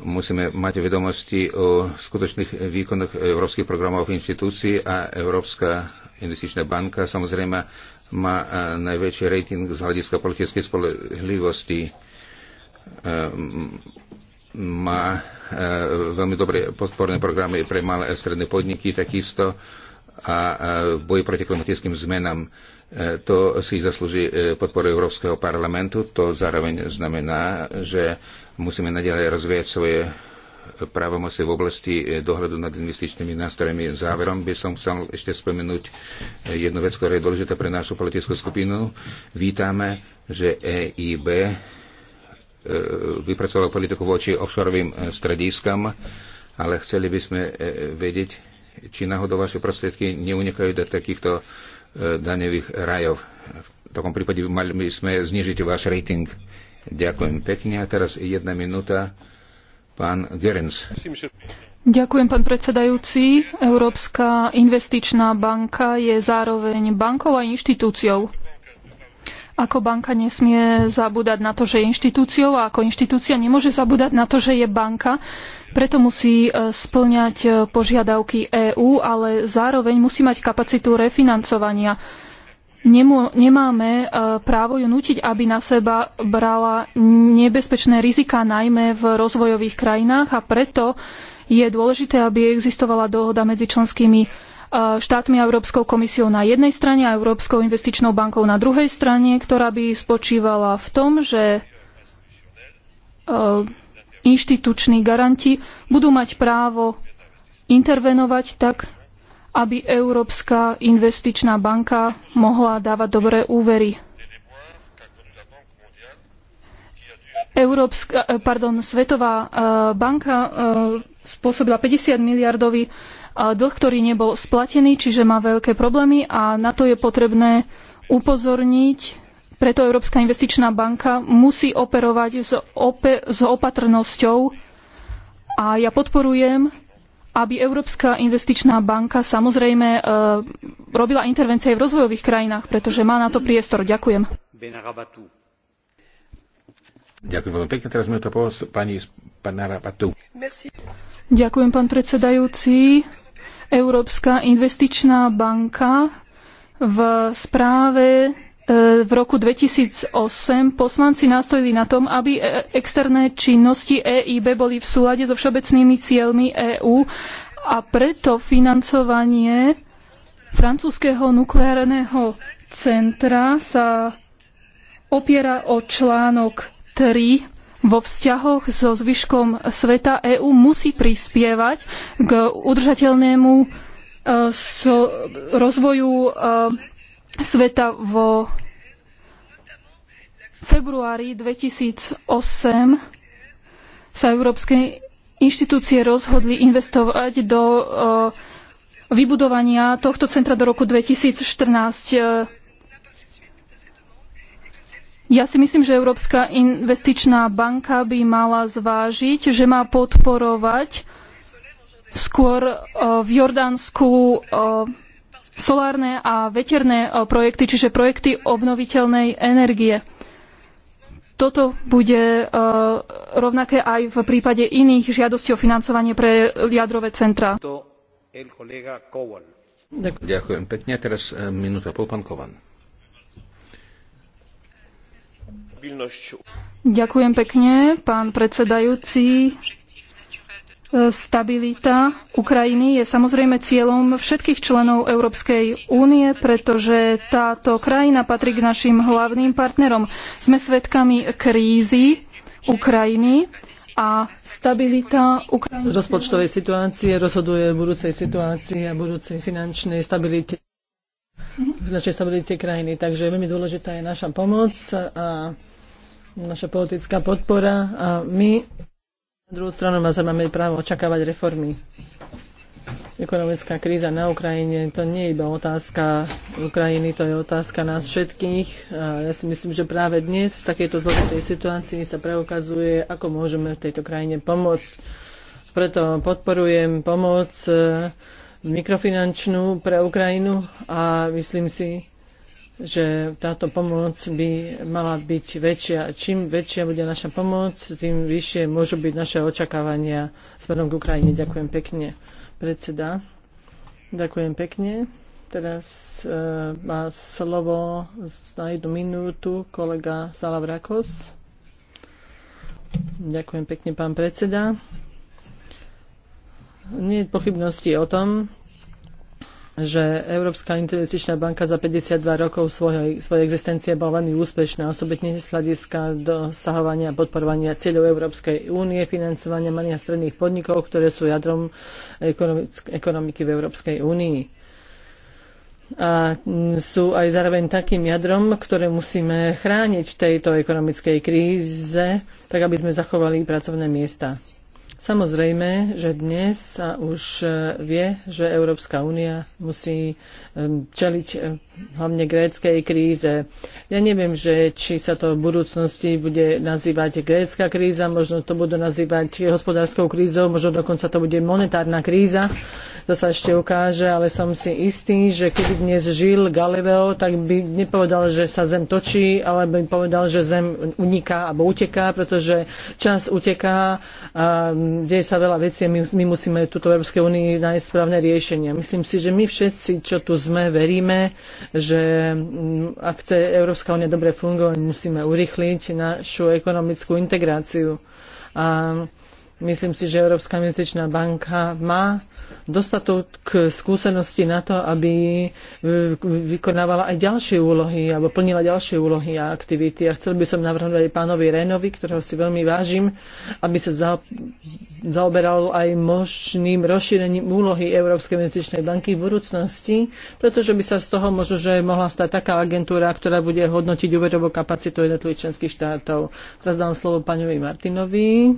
A: musíme mať vedomosti o skutočných výkonoch európskych programov inštitúcií a Európska investičná banka samozrejme má najväčší rating z hľadiska politickej spolehlivosti. Má veľmi dobré podporné programy pre malé a stredné podniky, takisto a v boji proti klimatickým zmenám. E, to si zaslúži e, podporu Európskeho parlamentu. To zároveň znamená, že musíme nadalej rozvíjať svoje právomoci v oblasti e, dohľadu nad investičnými nástrojmi. Záverom by som chcel ešte spomenúť jednu vec, ktorá je dôležitá pre našu politickú skupinu. Vítame, že EIB vypracovala politiku voči offshoreovým strediskám, ale chceli by sme vedieť, či náhodou vaše prostriedky neunikajú do takýchto e, daňových rajov. V takom prípade mali by sme znižiť váš rating. Ďakujem pekne. A teraz jedna minúta. Pán Gerens.
B: Ďakujem, pán predsedajúci. Európska investičná banka je zároveň bankou a inštitúciou. Ako banka nesmie zabúdať na to, že je inštitúciou a ako inštitúcia nemôže zabúdať na to, že je banka, preto musí e, splňať e, požiadavky EÚ, ale zároveň musí mať kapacitu refinancovania. Nemu, nemáme e, právo ju nutiť, aby na seba brala nebezpečné riziká, najmä v rozvojových krajinách a preto je dôležité, aby existovala dohoda medzi členskými E, štátmi a Európskou komisiou na jednej strane a Európskou investičnou bankou na druhej strane, ktorá by spočívala v tom, že e, inštituční garanti budú mať právo intervenovať tak, aby Európska investičná banka mohla dávať dobré úvery Európska, e, pardon, Svetová banka spôsobila 50 miliardový dlh, ktorý nebol splatený, čiže má veľké problémy a na to je potrebné upozorniť. Preto Európska investičná banka musí operovať s, s opatrnosťou a ja podporujem, aby Európska investičná banka samozrejme e, robila intervencie aj v rozvojových krajinách, pretože má na to priestor. Ďakujem.
A: Ďakujem veľmi pekne. Teraz mi to pani Panarabatu.
B: Ďakujem, pán predsedajúci. Európska investičná banka v správe e, v roku 2008 poslanci nastojili na tom, aby e, externé činnosti EIB boli v súlade so všeobecnými cieľmi EÚ a preto financovanie francúzskeho nukleárneho centra sa opiera o článok 3 vo vzťahoch so zvyškom sveta EÚ musí prispievať k udržateľnému e, so rozvoju e, sveta vo februári 2008 sa európske inštitúcie rozhodli investovať do e, vybudovania tohto centra do roku 2014 ja si myslím, že Európska investičná banka by mala zvážiť, že má podporovať skôr e, v Jordánsku e, solárne a veterné e, projekty, čiže projekty obnoviteľnej energie. Toto bude rovnaké aj v prípade iných žiadostí o financovanie pre jadrové centra.
A: Ďakujem pekne. Teraz minúta pol, pán Kovan.
B: Ďakujem pekne, pán predsedajúci. Stabilita Ukrajiny je samozrejme cieľom všetkých členov Európskej únie, pretože táto krajina patrí k našim hlavným partnerom. Sme svedkami krízy Ukrajiny a stabilita Ukrajiny. Rozpočtovej
C: situácie rozhoduje o budúcej situácii a budúcej finančnej stabilite finančnej stability krajiny. Takže veľmi dôležitá je naša pomoc a naša politická podpora a my na druhú stranu máme právo očakávať reformy. Ekonomická kríza na Ukrajine to nie je iba otázka Ukrajiny, to je otázka nás všetkých. A ja si myslím, že práve dnes v takejto dôležitej situácii sa preukazuje, ako môžeme v tejto krajine pomôcť. Preto podporujem pomoc mikrofinančnú pre Ukrajinu a myslím si, že táto pomoc by mala byť väčšia. Čím väčšia bude naša pomoc, tým vyššie môžu byť naše očakávania smerom k Ukrajine. Ďakujem pekne, predseda. Ďakujem pekne. Teraz e, má slovo na jednu minútu kolega Salavrakos. Ďakujem pekne, pán predseda. Nie je pochybnosti o tom, že Európska investičná banka za 52 rokov svojej, svojej existencie bola veľmi úspešná, osobitne z hľadiska dosahovania a podporovania cieľov Európskej únie, financovania malých a stredných podnikov, ktoré sú jadrom ekonomiky v Európskej únii. A sú aj zároveň takým jadrom, ktoré musíme chrániť v tejto ekonomickej kríze, tak aby sme zachovali pracovné miesta. Samozrejme, že dnes sa už eh, vie, že Európska únia musí eh, čeliť eh, hlavne gréckej kríze. Ja neviem, že či sa to v budúcnosti bude nazývať grécka kríza, možno to budú nazývať hospodárskou krízou, možno dokonca to bude monetárna kríza, to sa ešte ukáže, ale som si istý, že keby dnes žil Galileo, tak by nepovedal, že sa Zem točí, ale by povedal, že Zem uniká alebo uteká, pretože čas uteká a deje sa veľa vecí a my, my musíme tuto v Európskej únii nájsť správne riešenia. Myslím si, že my všetci, čo tu sme, veríme, že mm, ak chce Európska únia dobre fungovať, musíme urychliť našu ekonomickú integráciu. A Myslím si, že Európska investičná banka má dostatok skúsenosti na to, aby e, vykonávala aj ďalšie úlohy alebo plnila ďalšie úlohy a aktivity. A chcel by som navrhnúť aj pánovi Renovi, ktorého si veľmi vážim, aby sa zaoberal aj možným rozšírením úlohy Európskej investičnej banky v budúcnosti, pretože by sa z toho možno, že mohla stať taká agentúra, ktorá bude hodnotiť úverovú kapacitu jednotlivých členských štátov. Teraz dám slovo pánovi Martinovi.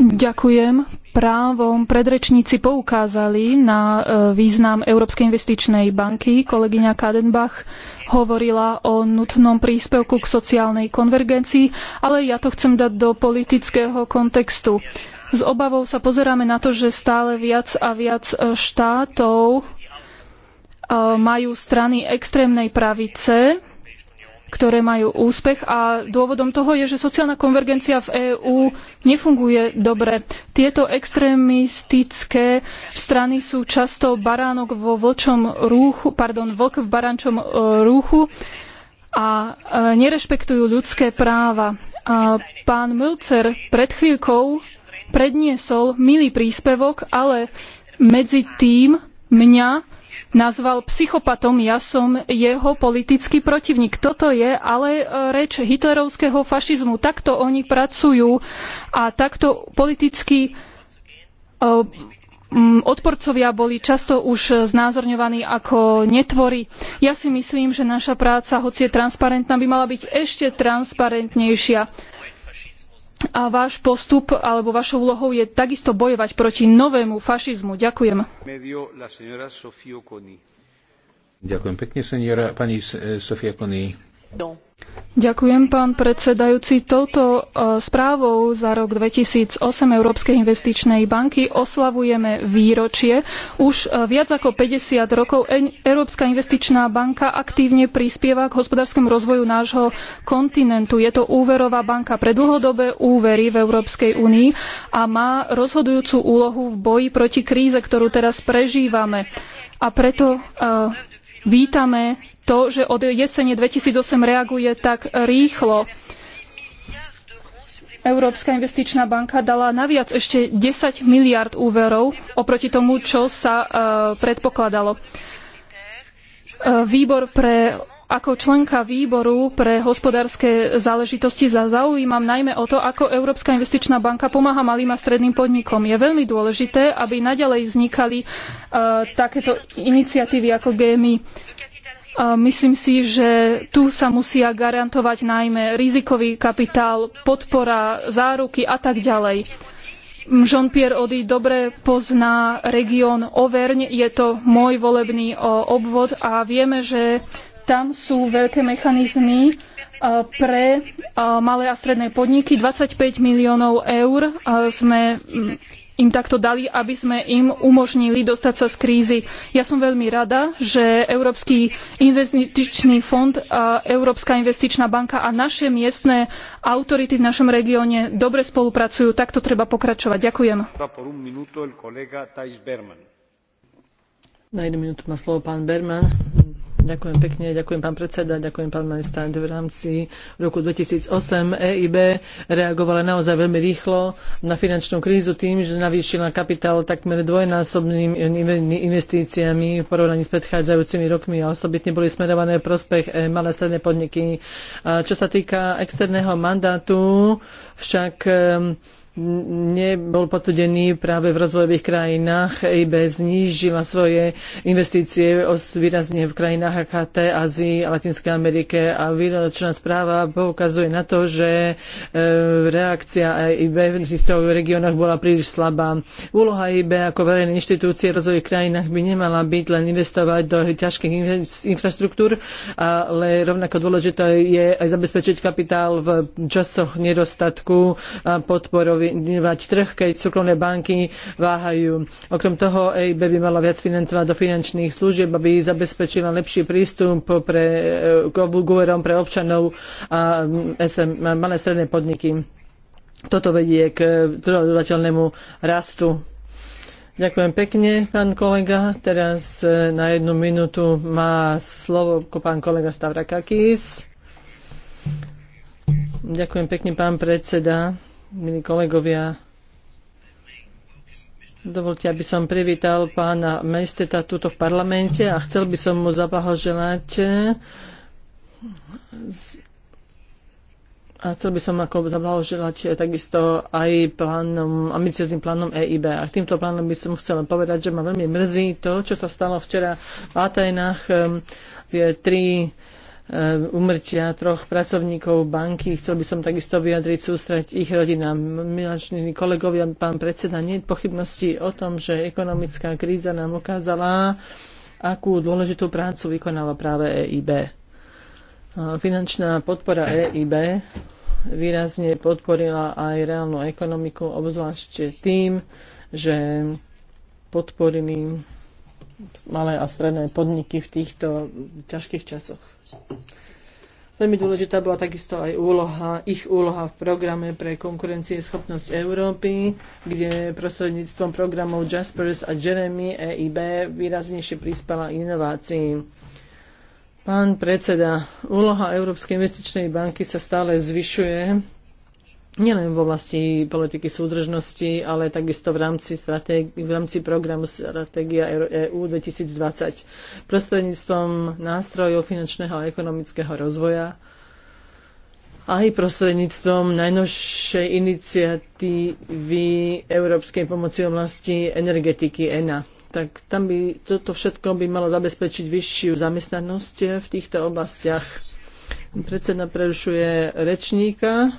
B: Ďakujem. Právom predrečníci poukázali na e, význam Európskej investičnej banky. Kolegyňa Kadenbach hovorila o nutnom príspevku k sociálnej konvergencii, ale ja to chcem dať do politického kontextu. S obavou sa pozeráme na to, že stále viac a viac e, štátov e, majú strany extrémnej pravice, ktoré majú úspech a dôvodom toho je, že sociálna konvergencia v EÚ nefunguje dobre. Tieto extrémistické strany sú často baránok vo vlčom rúchu, pardon, vlk v barančom e, rúchu a e, nerešpektujú ľudské práva. A pán Mölcer pred chvíľkou predniesol milý príspevok, ale medzi tým mňa nazval psychopatom. Ja som jeho politický protivník. Toto je ale e, reč hitlerovského fašizmu. Takto oni pracujú a takto politickí e, odporcovia boli často už znázorňovaní ako netvory. Ja si myslím, že naša práca, hoci je transparentná, by mala byť ešte transparentnejšia a váš postup alebo vašou úlohou je takisto bojovať proti novému fašizmu. Ďakujem.
A: Ďakujem pekne, seniora, pani eh, Sofia Kony.
B: Ďakujem, pán predsedajúci. Touto e, správou za rok 2008 Európskej investičnej banky oslavujeme výročie. Už e, viac ako 50 rokov Európska investičná banka aktívne prispieva k hospodárskemu rozvoju nášho kontinentu. Je to úverová banka pre dlhodobé úvery v Európskej únii a má rozhodujúcu úlohu v boji proti kríze, ktorú teraz prežívame. A preto uh, vítame to, že od jesene 2008 reaguje tak rýchlo. Európska investičná banka dala naviac ešte 10 miliard úverov oproti tomu, čo sa eh, predpokladalo. Eh, výbor pre ako členka výboru pre hospodárske záležitosti sa za zaujímam najmä o to, ako Európska investičná banka pomáha malým a stredným podnikom. Je veľmi dôležité, aby naďalej vznikali uh, takéto iniciatívy ako GMI. myslím si, že tu sa musia garantovať najmä rizikový kapitál, podpora, záruky a tak ďalej. Jean-Pierre Audy dobre pozná región Overň, je to môj volebný obvod a vieme, že tam sú veľké mechanizmy eh, pre eh, malé a stredné podniky. 25 miliónov eur eh, sme mm, im takto dali, aby sme im umožnili dostať sa z krízy. Ja som veľmi rada, že Európsky investičný fond, Európska investičná banka a naše miestne autority v našom regióne dobre spolupracujú. Takto treba pokračovať. Ďakujem.
C: Na jednu minútu má slovo pán Berman. Ďakujem pekne, ďakujem pán predseda, ďakujem pán minister. V rámci roku 2008 EIB reagovala naozaj veľmi rýchlo na finančnú krízu tým, že navýšila kapitál takmer dvojnásobnými investíciami v porovnaní s predchádzajúcimi rokmi a osobitne boli smerované prospech eh, malé a stredné podniky. čo sa týka externého mandátu, však eh, nebol potvrdený práve v rozvojových krajinách. EIB znížila svoje investície výrazne v krajinách AKT, Ázii a Latinskej Amerike a výročná správa poukazuje na to, že e, reakcia EIB v týchto regiónoch bola príliš slabá. Úloha EIB ako verejnej inštitúcie v rozvojových krajinách by nemala byť len investovať do ťažkých infraštruktúr, ale rovnako dôležité je aj zabezpečiť kapitál v časoch nedostatku a podporov ovplyvňovať trh, keď súkromné banky váhajú. Okrem toho EIB by mala viac financovať do finančných služieb, aby zabezpečila lepší prístup pre, k úverom pre občanov a mm, SM, malé stredné podniky. Toto vedie k e, trvateľnému rastu. Ďakujem pekne, pán kolega. Teraz e, na jednu minútu má slovo pán kolega Stavrakakis. Ďakujem pekne, pán predseda milí kolegovia, dovolte, aby som privítal pána Mesteta tuto v parlamente a chcel by som mu zabahoželať eh, a chcel by som ako zablahoželať eh, takisto aj plánom, ambiciozným plánom EIB. A týmto plánom by som chcel povedať, že ma veľmi mrzí to, čo sa stalo včera v Atenách. Eh, tie tri Eh, umrtia troch pracovníkov banky. Chcel by som takisto vyjadriť sústrať ich rodinám. Milační kolegovia, pán predseda, nie je pochybnosti o tom, že ekonomická kríza nám ukázala, akú dôležitú prácu vykonala práve EIB. Eh, finančná podpora EIB výrazne podporila aj reálnu ekonomiku, obzvlášť tým, že podporili malé a stredné podniky v týchto ťažkých časoch. Veľmi dôležitá bola takisto aj úloha, ich úloha v programe pre konkurencieschopnosť Európy, kde prostredníctvom programov Jaspers a Jeremy EIB výraznejšie prispela inovácii. Pán predseda, úloha Európskej investičnej banky sa stále zvyšuje nielen v oblasti politiky súdržnosti, ale takisto v rámci, v rámci programu Stratégia EU 2020 e prostredníctvom nástrojov finančného a ekonomického rozvoja aj prostredníctvom najnovšej iniciatívy Európskej pomoci oblasti energetiky ENA. Tak tam by toto všetko by malo zabezpečiť vyššiu zamestnanosť v týchto oblastiach. Predseda prerušuje rečníka.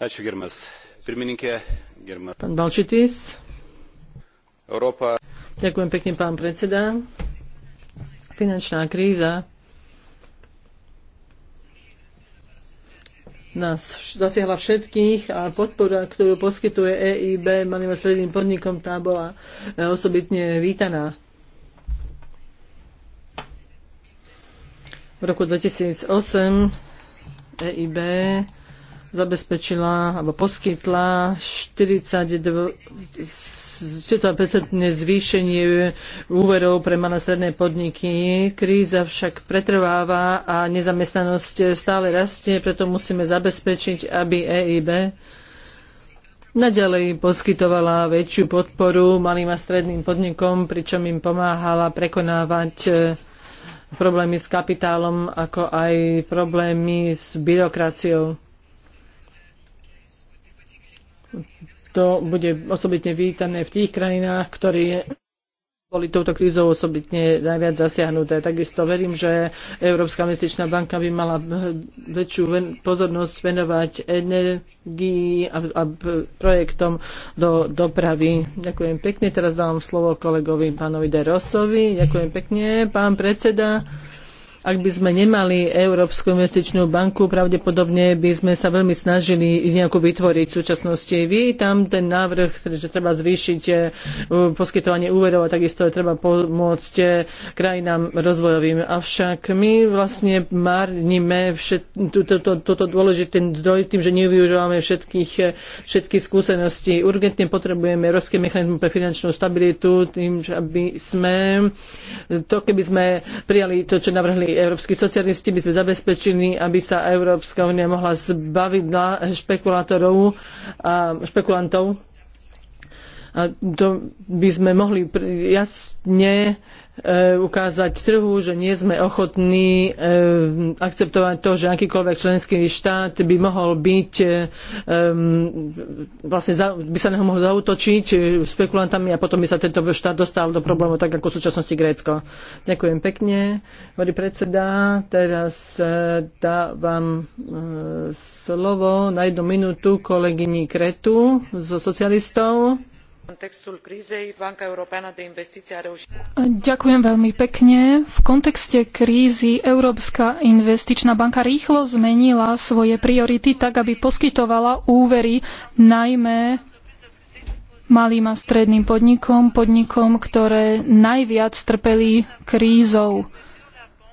B: Ačiū, gerbiamas
A: Pán
C: Balčitis. Európa. Ďakujem pekne, pán predseda. Finančná kríza nás zasiahla všetkých a podpora, ktorú poskytuje EIB malým a stredným podnikom, tá bola e, osobitne vítaná. V roku 2008 EIB zabezpečila alebo poskytla 42 percentné zvýšenie úverov pre malé stredné podniky. Kríza však pretrváva a nezamestnanosť stále rastie, preto musíme zabezpečiť, aby EIB naďalej poskytovala väčšiu podporu malým a stredným podnikom, pričom im pomáhala prekonávať e, problémy s kapitálom, ako aj problémy s byrokraciou to bude osobitne vítané v tých krajinách, ktoré boli touto krízou osobitne najviac zasiahnuté. Takisto verím, že Európska investičná banka by mala väčšiu pozornosť venovať energii a, a projektom do dopravy. Ďakujem pekne. Teraz dávam slovo kolegovi pánovi De Rosovi. Ďakujem pekne, pán predseda. Ak by sme nemali Európsku investičnú banku, pravdepodobne by sme sa veľmi snažili nejako vytvoriť v súčasnosti. tam ten návrh, že treba zvýšiť eh, poskytovanie úverov a takisto treba pomôcť eh, krajinám rozvojovým. Avšak my vlastne marníme toto dôležitý zdroj tým, že nevyužívame všetkých, eh, všetky skúsenosti. Urgentne potrebujeme európsky mechanizmus pre finančnú stabilitu, tým, aby sme to, keby sme prijali to, čo navrhli európsky socialisti by sme zabezpečili, aby sa Európska únia mohla zbaviť špekulátorov a špekulantov. A to by sme mohli jasne E, ukázať trhu, že nie sme ochotní e, akceptovať to, že akýkoľvek členský štát by mohol byť e, vlastne by sa neho mohol zautočiť spekulantami a potom by sa tento štát dostal do problémov tak ako v súčasnosti Grécko. Ďakujem pekne, hovorí predseda. Teraz dávam slovo na jednu minútu kolegyni Kretu zo so socialistov.
B: Ďakujem veľmi pekne. V kontexte krízy Európska investičná banka rýchlo zmenila svoje priority tak, aby poskytovala úvery najmä malým a stredným podnikom, podnikom, ktoré najviac trpeli krízou.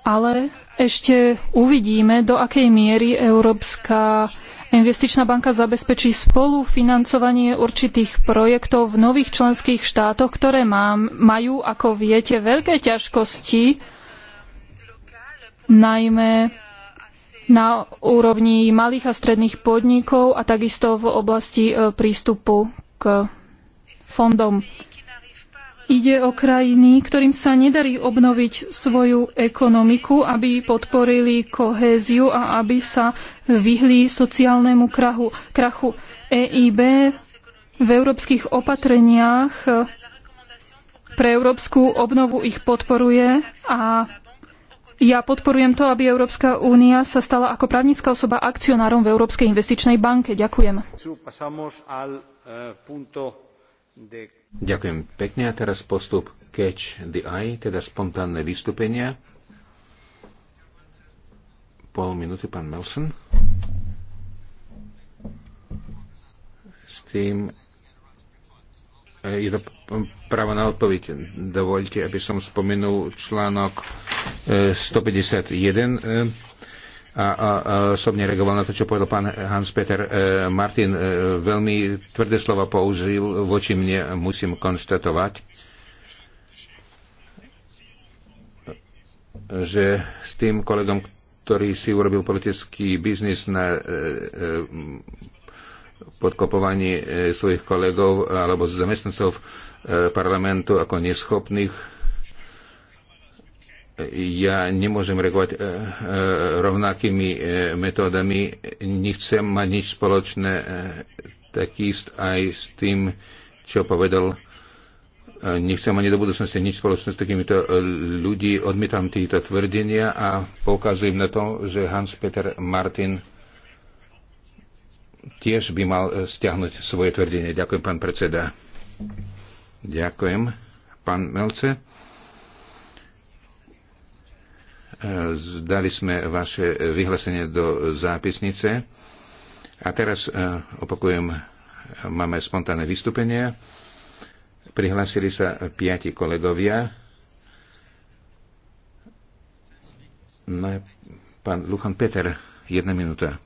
B: Ale ešte uvidíme, do akej miery Európska banka Investičná banka zabezpečí spolufinancovanie určitých projektov v nových členských štátoch, ktoré majú, ako viete, veľké ťažkosti, najmä na úrovni malých a stredných podnikov a takisto v oblasti e, prístupu k fondom. Ide o krajiny, ktorým sa nedarí obnoviť svoju ekonomiku, aby podporili kohéziu a aby sa vyhli sociálnemu krachu. krachu. E EIB v európskych opatreniach eh, pre európsku obnovu ich podporuje a ja podporujem to, aby Európska únia sa stala ako právnická osoba akcionárom v Európskej investičnej banke. Ďakujem.
A: Ďakujem pekne a teraz postup catch the eye, teda spontánne vystúpenia. Pol minúty, pán Melson. S tým e, je to právo na odpoveď. Dovolte, aby som spomenul článok 151 e, a, a, a som nereagoval na to, čo povedal pán Hans-Peter e, Martin. E, veľmi tvrdé slova použil voči mne, musím konštatovať, že s tým kolegom, ktorý si urobil politický biznis na e, e, podkopovaní e, svojich kolegov alebo zamestnancov e, parlamentu ako neschopných ja nemôžem reagovať eh, eh, rovnakými eh, metódami. Nechcem mať nič spoločné takisto aj s tým, čo povedal. Nechcem ani do budúcnosti nič spoločné s takýmito ľudí. Odmietam týto tvrdenia a poukazujem na to, že Hans-Peter Martin tiež by mal stiahnuť svoje tvrdenie. Ďakujem, pán predseda. Ďakujem, pán Melce. Zdali sme vaše vyhlásenie do zápisnice. A teraz e, opakujem, máme spontánne vystúpenie. Prihlásili sa piati kolegovia. Pán Luchan Peter, jedna minúta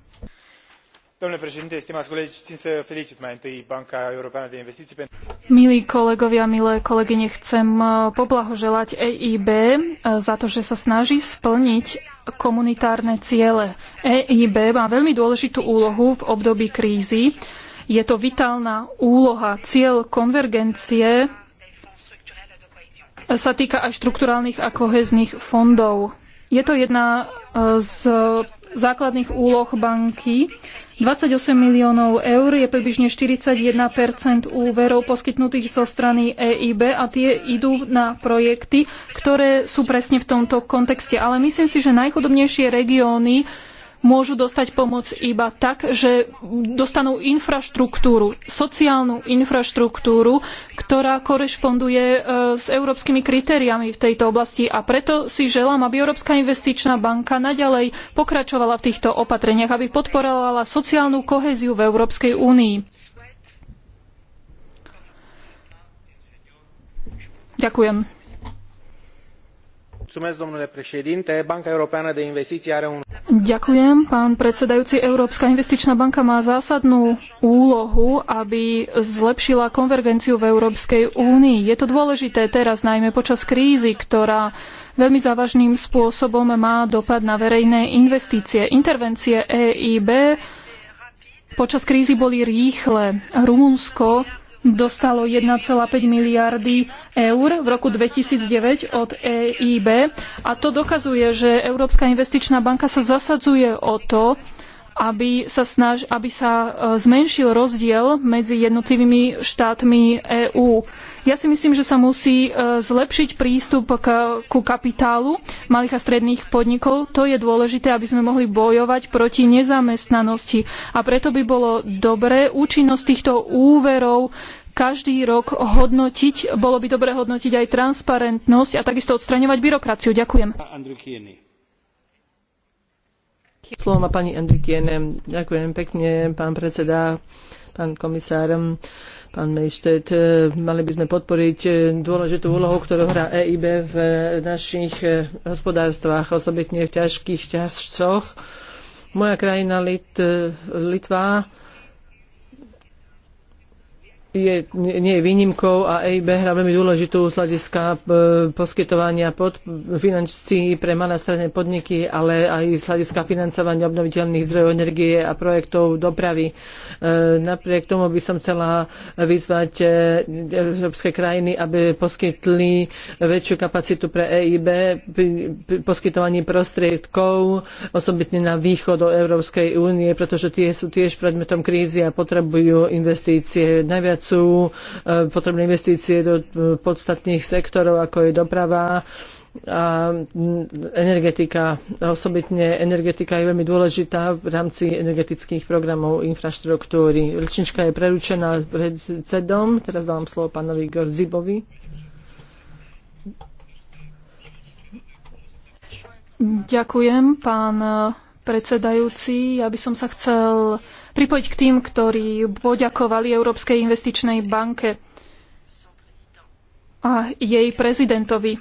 A: țin să felicit mai întâi Banca Europeană de Investiții pentru...
B: Milí kolegovia, milé kolegyne, chcem uh, poblahoželať EIB uh, za to, že sa snaží splniť komunitárne ciele. EIB má veľmi dôležitú úlohu v období krízy. Je to vitálna úloha, cieľ konvergencie sa týka aj štrukturálnych a kohezných fondov. Je to jedna uh, z základných úloh banky 28 miliónov eur je približne 41 úverov poskytnutých zo strany EIB a tie idú na projekty, ktoré sú presne v tomto kontexte. Ale myslím si, že najchudobnejšie regióny môžu dostať pomoc iba tak, že dostanú infraštruktúru, sociálnu infraštruktúru, ktorá korešponduje e, s európskymi kritériami v tejto oblasti. A preto si želám, aby Európska investičná banka naďalej pokračovala v týchto opatreniach, aby podporovala sociálnu kohéziu v Európskej únii. Ďakujem. Ďakujem, pán predsedajúci. Európska investičná banka má zásadnú úlohu, aby zlepšila konvergenciu v Európskej únii. Je to dôležité teraz, najmä počas krízy, ktorá veľmi závažným spôsobom má dopad na verejné investície. Intervencie EIB počas krízy boli rýchle. Rumunsko dostalo 1,5 miliardy eur v roku 2009 od EIB a to dokazuje, že Európska investičná banka sa zasadzuje o to, aby sa, snaž, aby sa e, zmenšil rozdiel medzi jednotlivými štátmi EÚ. Ja si myslím, že sa musí e, zlepšiť prístup k, ku kapitálu malých a stredných podnikov. To je dôležité, aby sme mohli bojovať proti nezamestnanosti. A preto by bolo dobré účinnosť týchto úverov každý rok hodnotiť. Bolo by dobre hodnotiť aj transparentnosť a takisto odstraňovať byrokraciu. Ďakujem.
C: Slovo pani Andrikiene. Ďakujem pekne, pán predseda, pán komisár pán Mejštet. E, mali by sme podporiť e, dôležitú úlohu, ktorú hrá EIB v e, našich hospodárstvách, osobitne v ťažkých ťažcoch. Moja krajina Lit- Litva je, nie je výnimkou a EIB hrá veľmi dôležitú z hľadiska e, poskytovania pod financí pre malé stredné podniky, ale aj z hľadiska financovania obnoviteľných zdrojov energie a projektov dopravy. E, napriek tomu by som chcela vyzvať e, európske krajiny, aby poskytli väčšiu kapacitu pre EIB pri poskytovaní prostriedkov, osobitne na východ do Európskej únie, pretože tie sú tiež predmetom krízy a potrebujú investície. Najviac sú e, potrebné investície do e, podstatných sektorov, ako je doprava, a energetika, osobitne energetika je veľmi dôležitá v rámci energetických programov infraštruktúry. Rečnička je preručená predsedom. Teraz dávam slovo pánovi Gorzibovi.
B: Ďakujem, pán predsedajúci. Ja by som sa chcel pripojiť k tým, ktorí poďakovali Európskej investičnej banke a jej prezidentovi.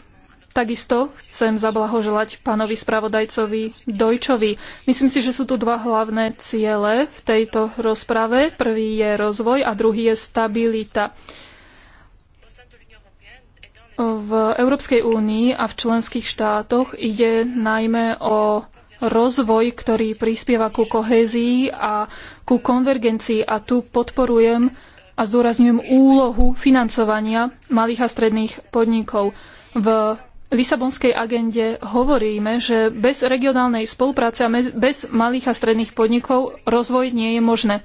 B: Takisto chcem zablahoželať pánovi spravodajcovi Dojčovi. Myslím si, že sú tu dva hlavné ciele v tejto rozprave. Prvý je rozvoj a druhý je stabilita. V Európskej únii a v členských štátoch ide najmä o rozvoj, ktorý prispieva ku kohézii a ku konvergencii. A tu podporujem a zdôrazňujem úlohu financovania malých a stredných podnikov. V Lisabonskej agende hovoríme, že bez regionálnej spolupráce a bez malých a stredných podnikov rozvoj nie je možné.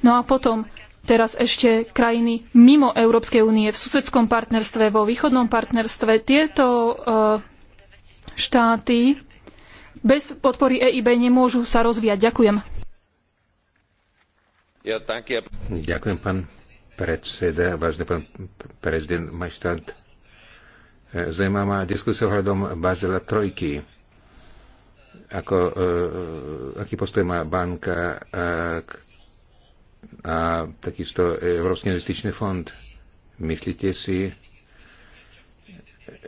B: No a potom teraz ešte krajiny mimo Európskej únie, v susedskom partnerstve, vo východnom partnerstve. Tieto eh, štáty bez podpory EIB nemôžu sa rozvíjať. Ďakujem.
A: Ďakujem, pán predseda, vážny pán prezident Majštát. E, Zajímavá diskusia ohľadom Bazela Trojky. Ako, e, e, aký postoj má banka a, a takisto Európsky investičný fond? Myslíte si,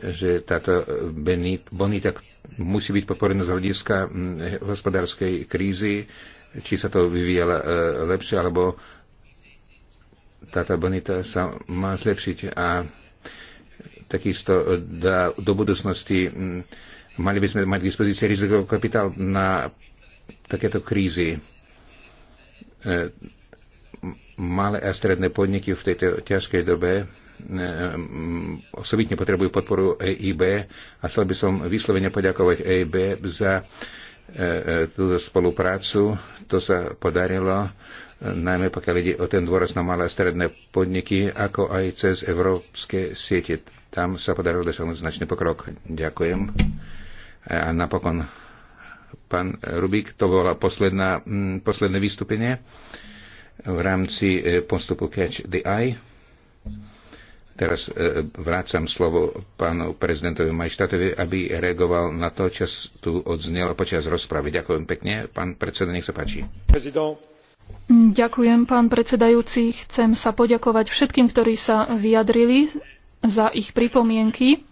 A: že táto bonita, musí byť podporené z hľadiska hospodárskej krízy, či sa to vyvíja e, lepšie, alebo táto bonita sa má zlepšiť a takisto e, da, do budúcnosti mali by sme mať k dispozícii rizikový kapitál na takéto krízy. E, malé a stredné podniky v tejto ťažkej dobe osobitne potrebujú podporu EIB a chcel by som vyslovene poďakovať EIB za e, e, túto spoluprácu. To sa podarilo e, najmä pokiaľ ide o ten dôraz na malé a stredné podniky, ako aj cez európske siete. Tam sa podarilo dosiahnuť značný pokrok. Ďakujem. A napokon pán Rubik, to bola posledná, posledné vystúpenie v rámci postupu Catch the Eye. Teraz e, vrácam slovo pánu prezidentovi Majštatovi, aby reagoval na to, čo tu odznelo počas rozpravy. Ďakujem pekne. Pán predseda, nech sa páči. Prezident.
B: Ďakujem, pán predsedajúci. Chcem sa poďakovať všetkým, ktorí sa vyjadrili za ich pripomienky.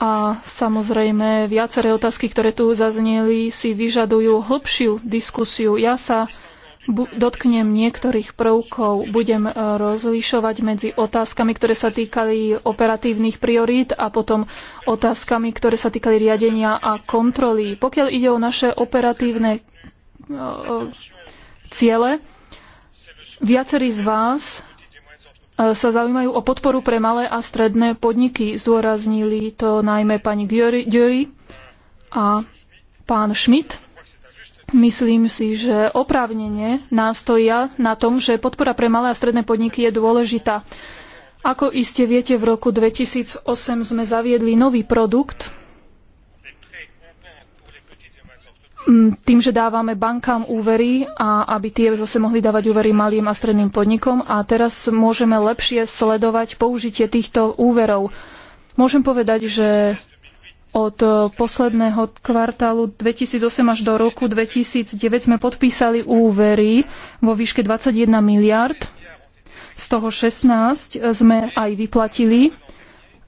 B: A samozrejme, viaceré otázky, ktoré tu zazneli, si vyžadujú hlbšiu diskusiu. Ja sa dotknem niektorých prvkov, budem e, rozlišovať medzi otázkami, ktoré sa týkali operatívnych priorít a potom otázkami, ktoré sa týkali riadenia a kontroly. Pokiaľ ide o naše operatívne e, e, ciele, viacerí z vás sa zaujímajú o podporu pre malé a stredné podniky. Zdôraznili to najmä pani Gyuri a pán Schmidt Myslím si, že oprávnenie nástoja na tom, že podpora pre malé a stredné podniky je dôležitá. Ako iste viete, v roku 2008 sme zaviedli nový produkt, mm, tým, že dávame bankám úvery a aby tie zase mohli dávať úvery malým a stredným podnikom a teraz môžeme lepšie sledovať použitie týchto úverov. Môžem povedať, že od eh, posledného kvartálu 2008 až do roku 2009 sme podpísali úvery vo výške 21 miliard. Z toho 16 eh, sme aj vyplatili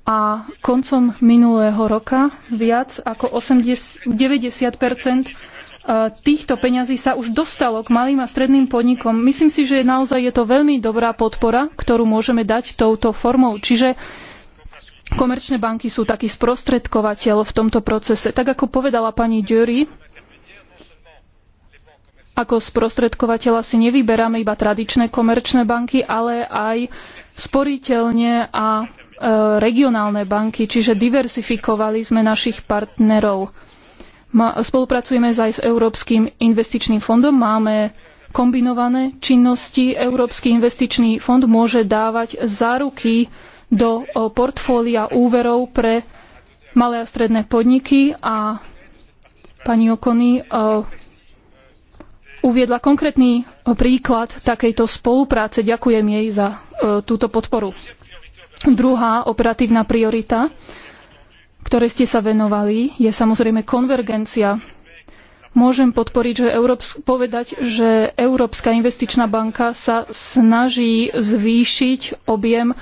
B: a koncom minulého roka viac ako 80, 90 eh, týchto peňazí sa už dostalo k malým a stredným podnikom. Myslím si, že naozaj je to veľmi dobrá podpora, ktorú môžeme dať touto formou. Čiže uh, Komerčné banky sú taký sprostredkovateľ v tomto procese. Tak ako povedala pani Dury, ako sprostredkovateľa si nevyberáme iba tradičné komerčné banky, ale aj sporiteľne a e, regionálne banky, čiže diverzifikovali sme našich partnerov. Spolupracujeme aj s Európskym investičným fondom, máme kombinované činnosti. Európsky investičný fond môže dávať záruky do portfólia úverov pre malé a stredné podniky a pani Okony uviedla konkrétny príklad takejto spolupráce. Ďakujem jej za túto podporu. Druhá operatívna priorita, ktorej ste sa venovali, je samozrejme konvergencia. Môžem podporiť, že Európs- povedať, že Európska investičná banka sa snaží zvýšiť objem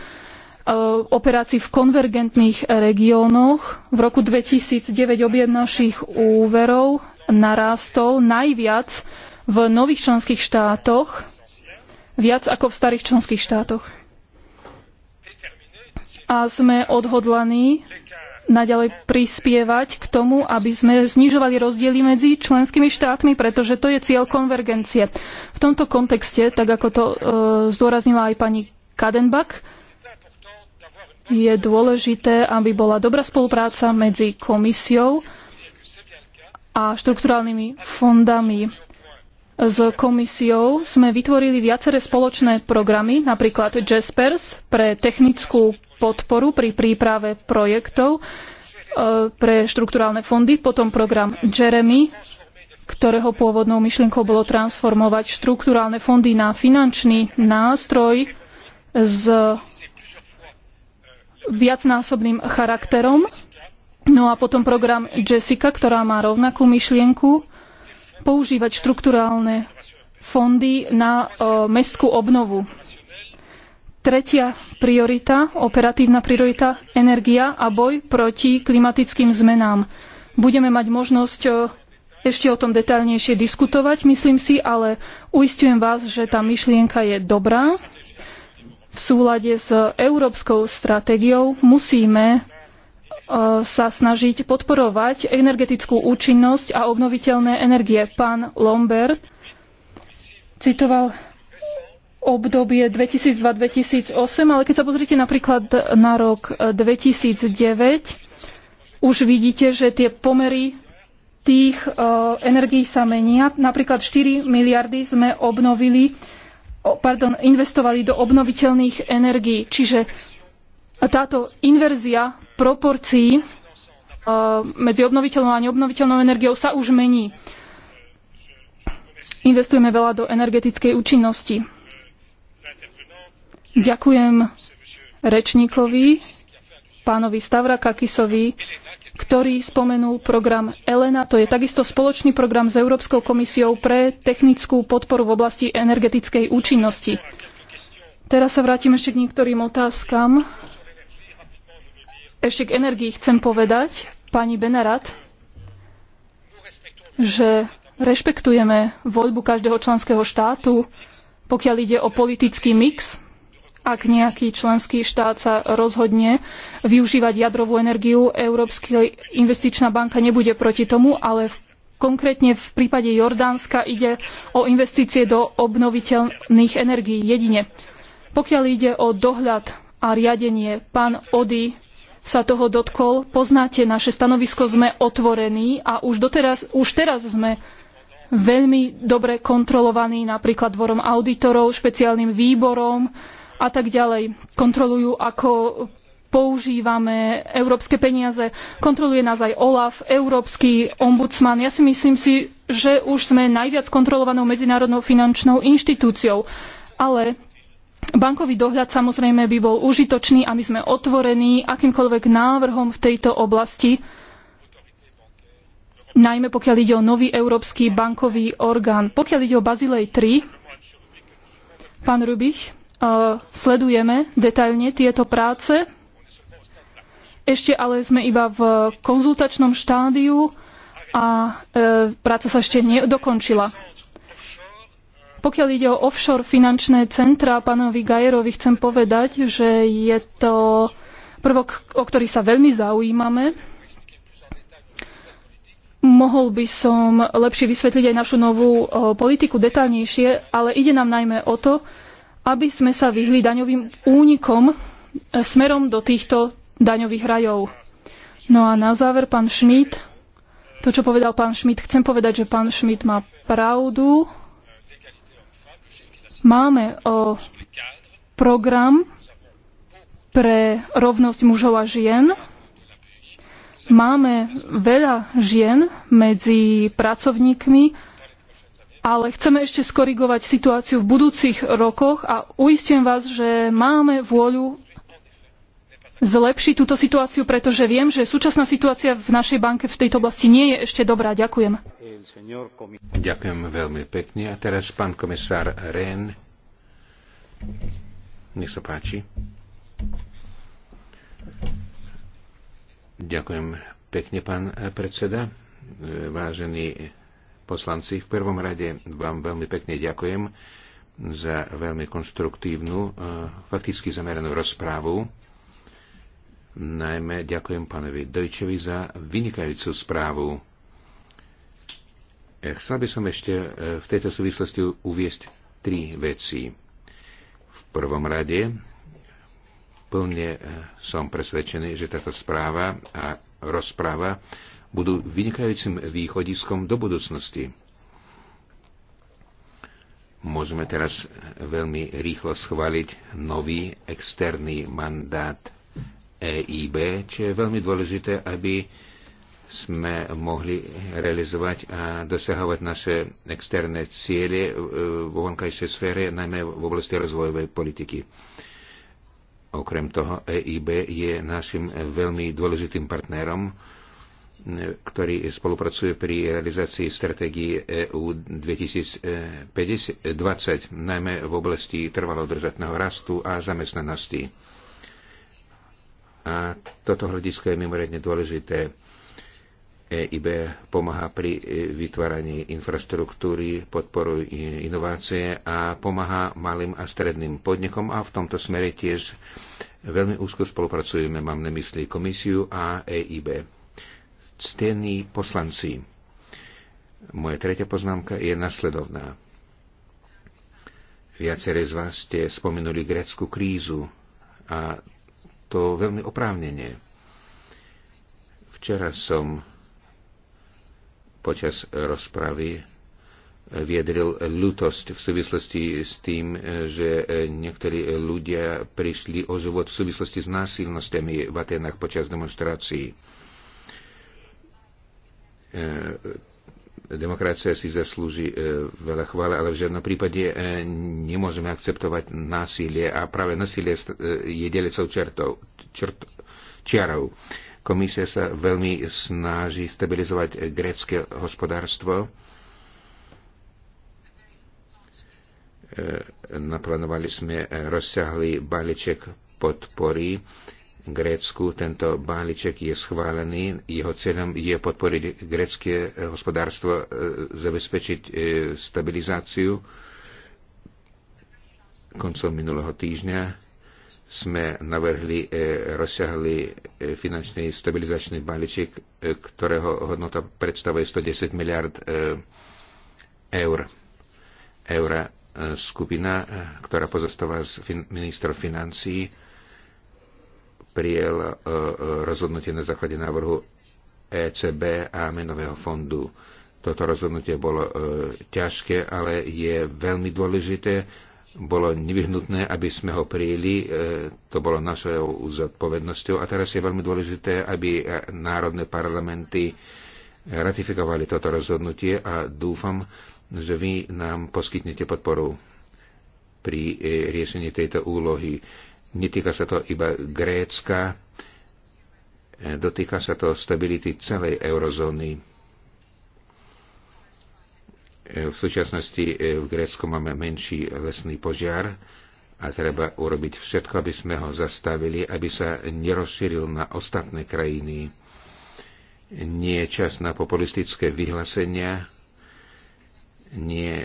B: Eh, operácií v konvergentných regiónoch. V roku 2009 objem našich úverov narástol najviac v nových členských štátoch, viac ako v starých členských štátoch. A sme odhodlaní naďalej prispievať k tomu, aby sme znižovali rozdiely medzi členskými štátmi, pretože to je cieľ konvergencie. V tomto kontexte, tak ako to e, zdôraznila aj pani Kadenbach, je dôležité, aby bola dobrá spolupráca medzi komisiou a štrukturálnymi fondami. S komisiou sme vytvorili viaceré spoločné programy, napríklad Jaspers pre technickú podporu pri príprave projektov e, pre štrukturálne fondy, potom program Jeremy, ktorého pôvodnou myšlienkou bolo transformovať štrukturálne fondy na finančný nástroj s viacnásobným charakterom. No a potom program Jessica, ktorá má rovnakú myšlienku, používať štrukturálne fondy na o, mestskú obnovu. Tretia priorita, operatívna priorita, energia a boj proti klimatickým zmenám. Budeme mať možnosť o, ešte o tom detaľnejšie diskutovať, myslím si, ale uistujem vás, že tá myšlienka je dobrá, v súlade s európskou stratégiou musíme e, sa snažiť podporovať energetickú účinnosť a obnoviteľné energie. Pán Lombert citoval obdobie 2002-2008, ale keď sa pozrite napríklad na rok 2009, už vidíte, že tie pomery tých e, energií sa menia. Napríklad 4 miliardy sme obnovili pardon, investovali do obnoviteľných energií. Čiže táto inverzia proporcií e, medzi obnoviteľnou a neobnoviteľnou energiou sa už mení. Investujeme veľa do energetickej účinnosti. Ďakujem rečníkovi, pánovi Stavrakakisovi, ktorý spomenul program ELENA. To je takisto spoločný program s Európskou komisiou pre technickú podporu v oblasti energetickej účinnosti. Teraz sa vrátim ešte k niektorým otázkam. Ešte k energii chcem povedať, pani Benarat, že rešpektujeme voľbu každého členského štátu, pokiaľ ide o politický mix ak nejaký členský štát sa rozhodne využívať jadrovú energiu, Európska investičná banka nebude proti tomu, ale v Konkrétne v prípade Jordánska ide o investície do obnoviteľných energií jedine. Pokiaľ ide o dohľad a riadenie, pán Ody sa toho dotkol, poznáte naše stanovisko, sme otvorení a už, doteraz, už teraz sme veľmi dobre kontrolovaní napríklad dvorom auditorov, špeciálnym výborom, a tak ďalej. Kontrolujú, ako používame európske peniaze. Kontroluje nás aj OLAF, Európsky ombudsman. Ja si myslím si, že už sme najviac kontrolovanou medzinárodnou finančnou inštitúciou. Ale bankový dohľad samozrejme by bol užitočný a my sme otvorení akýmkoľvek návrhom v tejto oblasti, najmä pokiaľ ide o nový európsky bankový orgán. Pokiaľ ide o Bazilej 3, pán Rubich, sledujeme detailne tieto práce. Ešte ale sme iba v konzultačnom štádiu a e, práca sa ešte nedokončila. Pokiaľ ide o offshore finančné centra, pánovi Gajerovi chcem povedať, že je to prvok, o ktorý sa veľmi zaujímame. Mohol by som lepšie vysvetliť aj našu novú politiku detaľnejšie, ale ide nám najmä o to, aby sme sa vyhli daňovým únikom e, smerom do týchto daňových rajov. No a na záver pán Šmit, to, čo povedal pán Šmit, chcem povedať, že pán Šmit má pravdu. Máme o program pre rovnosť mužov a žien. Máme veľa žien medzi pracovníkmi ale chceme ešte skorigovať situáciu v budúcich rokoch a uistím vás, že máme vôľu zlepšiť túto situáciu, pretože viem, že súčasná situácia v našej banke v tejto oblasti nie je ešte dobrá. Ďakujem.
A: Ďakujem veľmi pekne. A teraz pán komisár Nech sa páči. Ďakujem pekne, pán predseda poslanci. V prvom rade vám veľmi pekne ďakujem za veľmi konštruktívnu, e, fakticky zameranú rozprávu. Najmä ďakujem pánovi Dojčevi za vynikajúcu správu. E, chcel by som ešte e, v tejto súvislosti uviesť tri veci. V prvom rade plne som presvedčený, že táto správa a rozpráva budú vynikajúcim východiskom do budúcnosti. Môžeme teraz veľmi rýchlo schváliť nový externý mandát EIB, čo je veľmi dôležité, aby sme mohli realizovať a dosahovať naše externé ciele vo vonkajšej sfére, najmä v oblasti rozvojovej politiky. Okrem toho EIB je našim veľmi dôležitým partnerom, ktorý spolupracuje pri realizácii stratégie EU 2020, najmä v oblasti trvalo držatného rastu a zamestnanosti. A toto hľadisko je mimoriadne dôležité. EIB pomáha pri vytváraní infraštruktúry, podporuje inovácie a pomáha malým a stredným podnikom a v tomto smere tiež veľmi úzko spolupracujeme, mám na mysli komisiu a EIB ctení poslanci. Moja tretia poznámka je nasledovná. Viacere z vás ste spomenuli grécku krízu a to veľmi oprávnenie. Včera som počas rozpravy viedril ľutosť v súvislosti s tým, že niektorí ľudia prišli o život v súvislosti s násilnostiami v Atenách počas demonstrácií. E, demokracia si zaslúži e, veľa chvále, ale v žiadnom prípade e, nemôžeme akceptovať násilie a práve násilie je delicou čertov, čert, čiarov. Komisia sa veľmi snaží stabilizovať grécké hospodárstvo. Naplánovali sme rozsiahly balíček podpory Grécku. Tento balíček je schválený. Jeho cieľom je podporiť grécké hospodárstvo, e, zabezpečiť e, stabilizáciu. Koncom minulého týždňa sme navrhli e, rozsiahli finančný stabilizačný balíček, ktorého hodnota predstavuje 110 miliard eur. Eura skupina, ktorá pozostáva z ministrov financií, prijel e, e, rozhodnutie na základe návrhu ECB a menového fondu. Toto rozhodnutie bolo e, ťažké, ale je veľmi dôležité. Bolo nevyhnutné, aby sme ho prijeli. To bolo našou zodpovednosťou. A teraz je veľmi dôležité, aby národné parlamenty ratifikovali toto rozhodnutie a dúfam, že vy nám poskytnete podporu pri riešení tejto úlohy Netýka sa to iba Grécka, e, dotýka sa to stability celej eurozóny. E, v súčasnosti e, v Grécku máme menší lesný požiar a treba urobiť všetko, aby sme ho zastavili, aby sa nerozšíril na ostatné krajiny. Nie je čas na populistické vyhlásenia, nie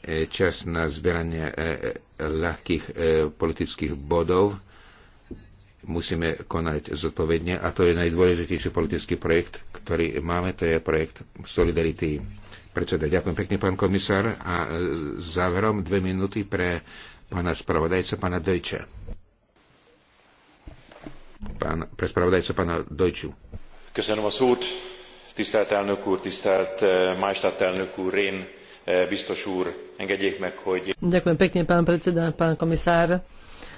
A: E, čas na zberanie e, e, ľahkých politických bodov. Musíme konať zodpovedne a to je najdôležitejší politický projekt, ktorý máme, to je projekt Solidarity. Predseda, ďakujem pekne, pán komisár. A záverom dve minúty pre pána spravodajca, pána Dojče. Pán, pre spravodajca pána Dojču. Ďakujem a szót, tisztelt elnök úr, tisztelt Majstatt elnök úr, én Eh, biztos úr, engedjék meg, hogy...
C: Ďakujem pekne, pán predseda, pán komisár.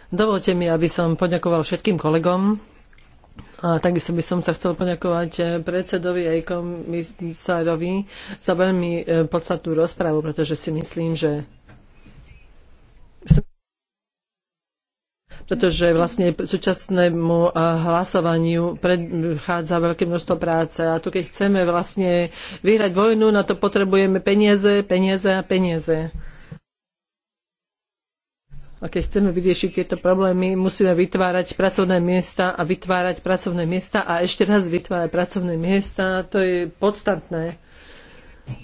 C: Dovolte mi, aby som poďakoval všetkým kolegom, a takisto by som sa chcel poďakovať eh, predsedovi aj komisárovi za veľmi eh, podstatnú rozprávu, pretože si myslím, že pretože vlastne súčasnému eh, hlasovaniu predchádza veľké množstvo práce. A tu keď chceme vlastne vyhrať vojnu, na to potrebujeme peniaze, peniaze a peniaze. A keď chceme vyriešiť tieto problémy, musíme vytvárať pracovné miesta a vytvárať pracovné miesta a ešte raz vytvárať pracovné miesta. To je podstatné.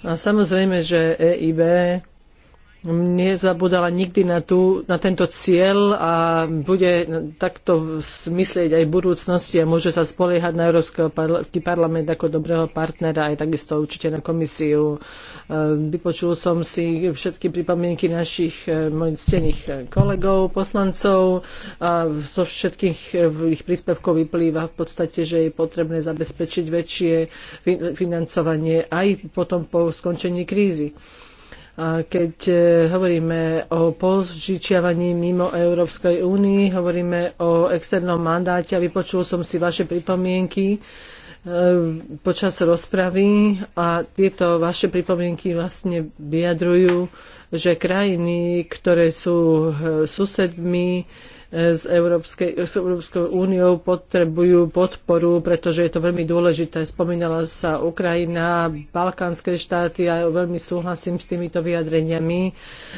C: A samozrejme, že EIB nezabudala nikdy na, tú, na tento cieľ a bude takto myslieť aj v budúcnosti a môže sa spoliehať na Európsky parlament ako dobrého partnera aj takisto určite na komisiu. E, vypočul som si všetky pripomienky našich e, mojich stených kolegov, poslancov a zo všetkých ich príspevkov vyplýva v podstate, že je potrebné zabezpečiť väčšie financovanie aj potom po skončení krízy. A keď e, hovoríme o požičiavaní mimo Európskej únii, hovoríme o externom mandáte a vypočul som si vaše pripomienky e, počas rozpravy a tieto vaše pripomienky vlastne vyjadrujú, že krajiny, ktoré sú e, susedmi, s, Európskej, s Európskou úniou potrebujú podporu, pretože je to veľmi dôležité. Spomínala sa Ukrajina, balkánske štáty a ja veľmi súhlasím s týmito vyjadreniami. E,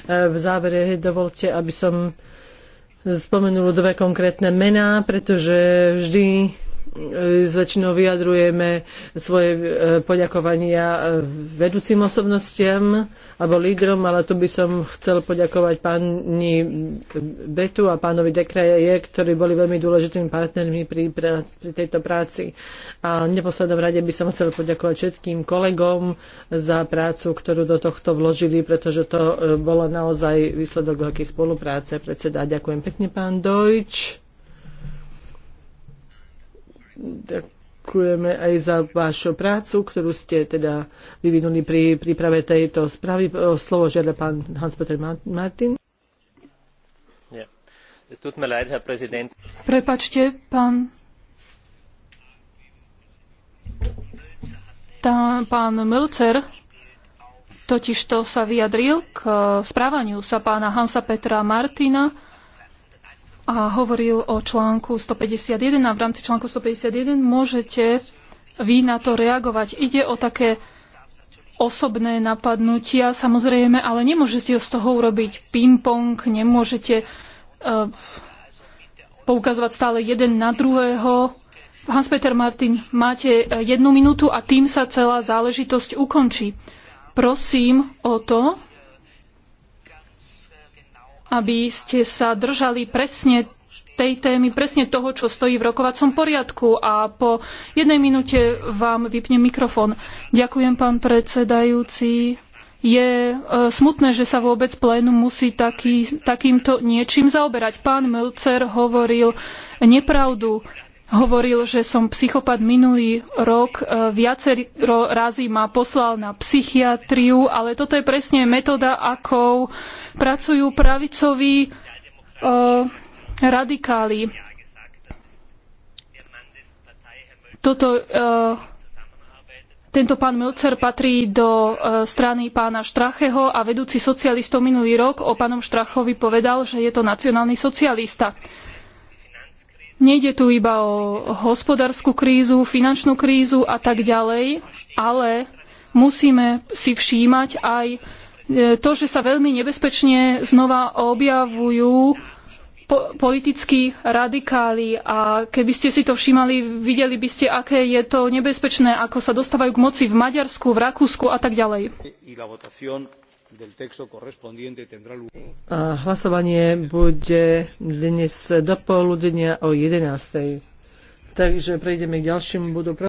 C: v závere dovolte, aby som spomenula dve konkrétne mená, pretože vždy E, väčšinou vyjadrujeme svoje e, poďakovania e, vedúcim osobnostiam alebo lídrom, ale tu by som chcel poďakovať pani Betu a pánovi Dekraje, ktorí boli veľmi dôležitými partnermi pri, pri tejto práci. A v neposlednom rade by som chcel poďakovať všetkým kolegom za prácu, ktorú do tohto vložili, pretože to bolo naozaj výsledok veľkej spolupráce. Predseda, ďakujem pekne, pán Dojč. Ďakujeme aj za vašu prácu, ktorú ste teda vyvinuli pri príprave tejto správy. Slovo žiada pán Hans-Peter Martin.
B: Prepačte, pán tá, pán Milcer totižto sa vyjadril k správaniu sa pána Hansa Petra Martina a hovoril o článku 151 a v rámci článku 151 môžete vy na to reagovať. Ide o také osobné napadnutia, samozrejme, ale nemôžete z toho urobiť ping-pong, nemôžete uh, poukazovať stále jeden na druhého. Hans-Peter Martin, máte e, jednu minútu a tým sa celá záležitosť ukončí. Prosím o to, aby ste sa držali presne tej témy, presne toho, čo stojí v rokovacom poriadku a po jednej minúte vám vypnem mikrofón. Ďakujem, pán predsedajúci. Je e, smutné, že sa vôbec plénum musí taký, takýmto niečím zaoberať. Pán Melcer hovoril nepravdu hovoril, že som psychopat minulý rok. E, Viacero razy ma poslal na psychiatriu, ale toto je presne metóda, akou pracujú pravicoví uh, radikáli. Toto, uh, tento pán Milcer patrí do uh, strany pána Štracheho a vedúci socialistov minulý rok o pánom Štrachovi povedal, že je to nacionálny socialista. Nejde tu iba o hospodárskú krízu, finančnú krízu a tak ďalej, ale musíme si všímať aj e, to, že sa veľmi nebezpečne znova objavujú po- politickí radikáli a keby ste si to všímali, videli by ste, aké je to nebezpečné, ako sa dostávajú k moci v Maďarsku, v Rakúsku a tak ďalej. Hlasovanie bude
C: dnes do poludnia o 11. Takže prejdeme k ďalšiemu bodu.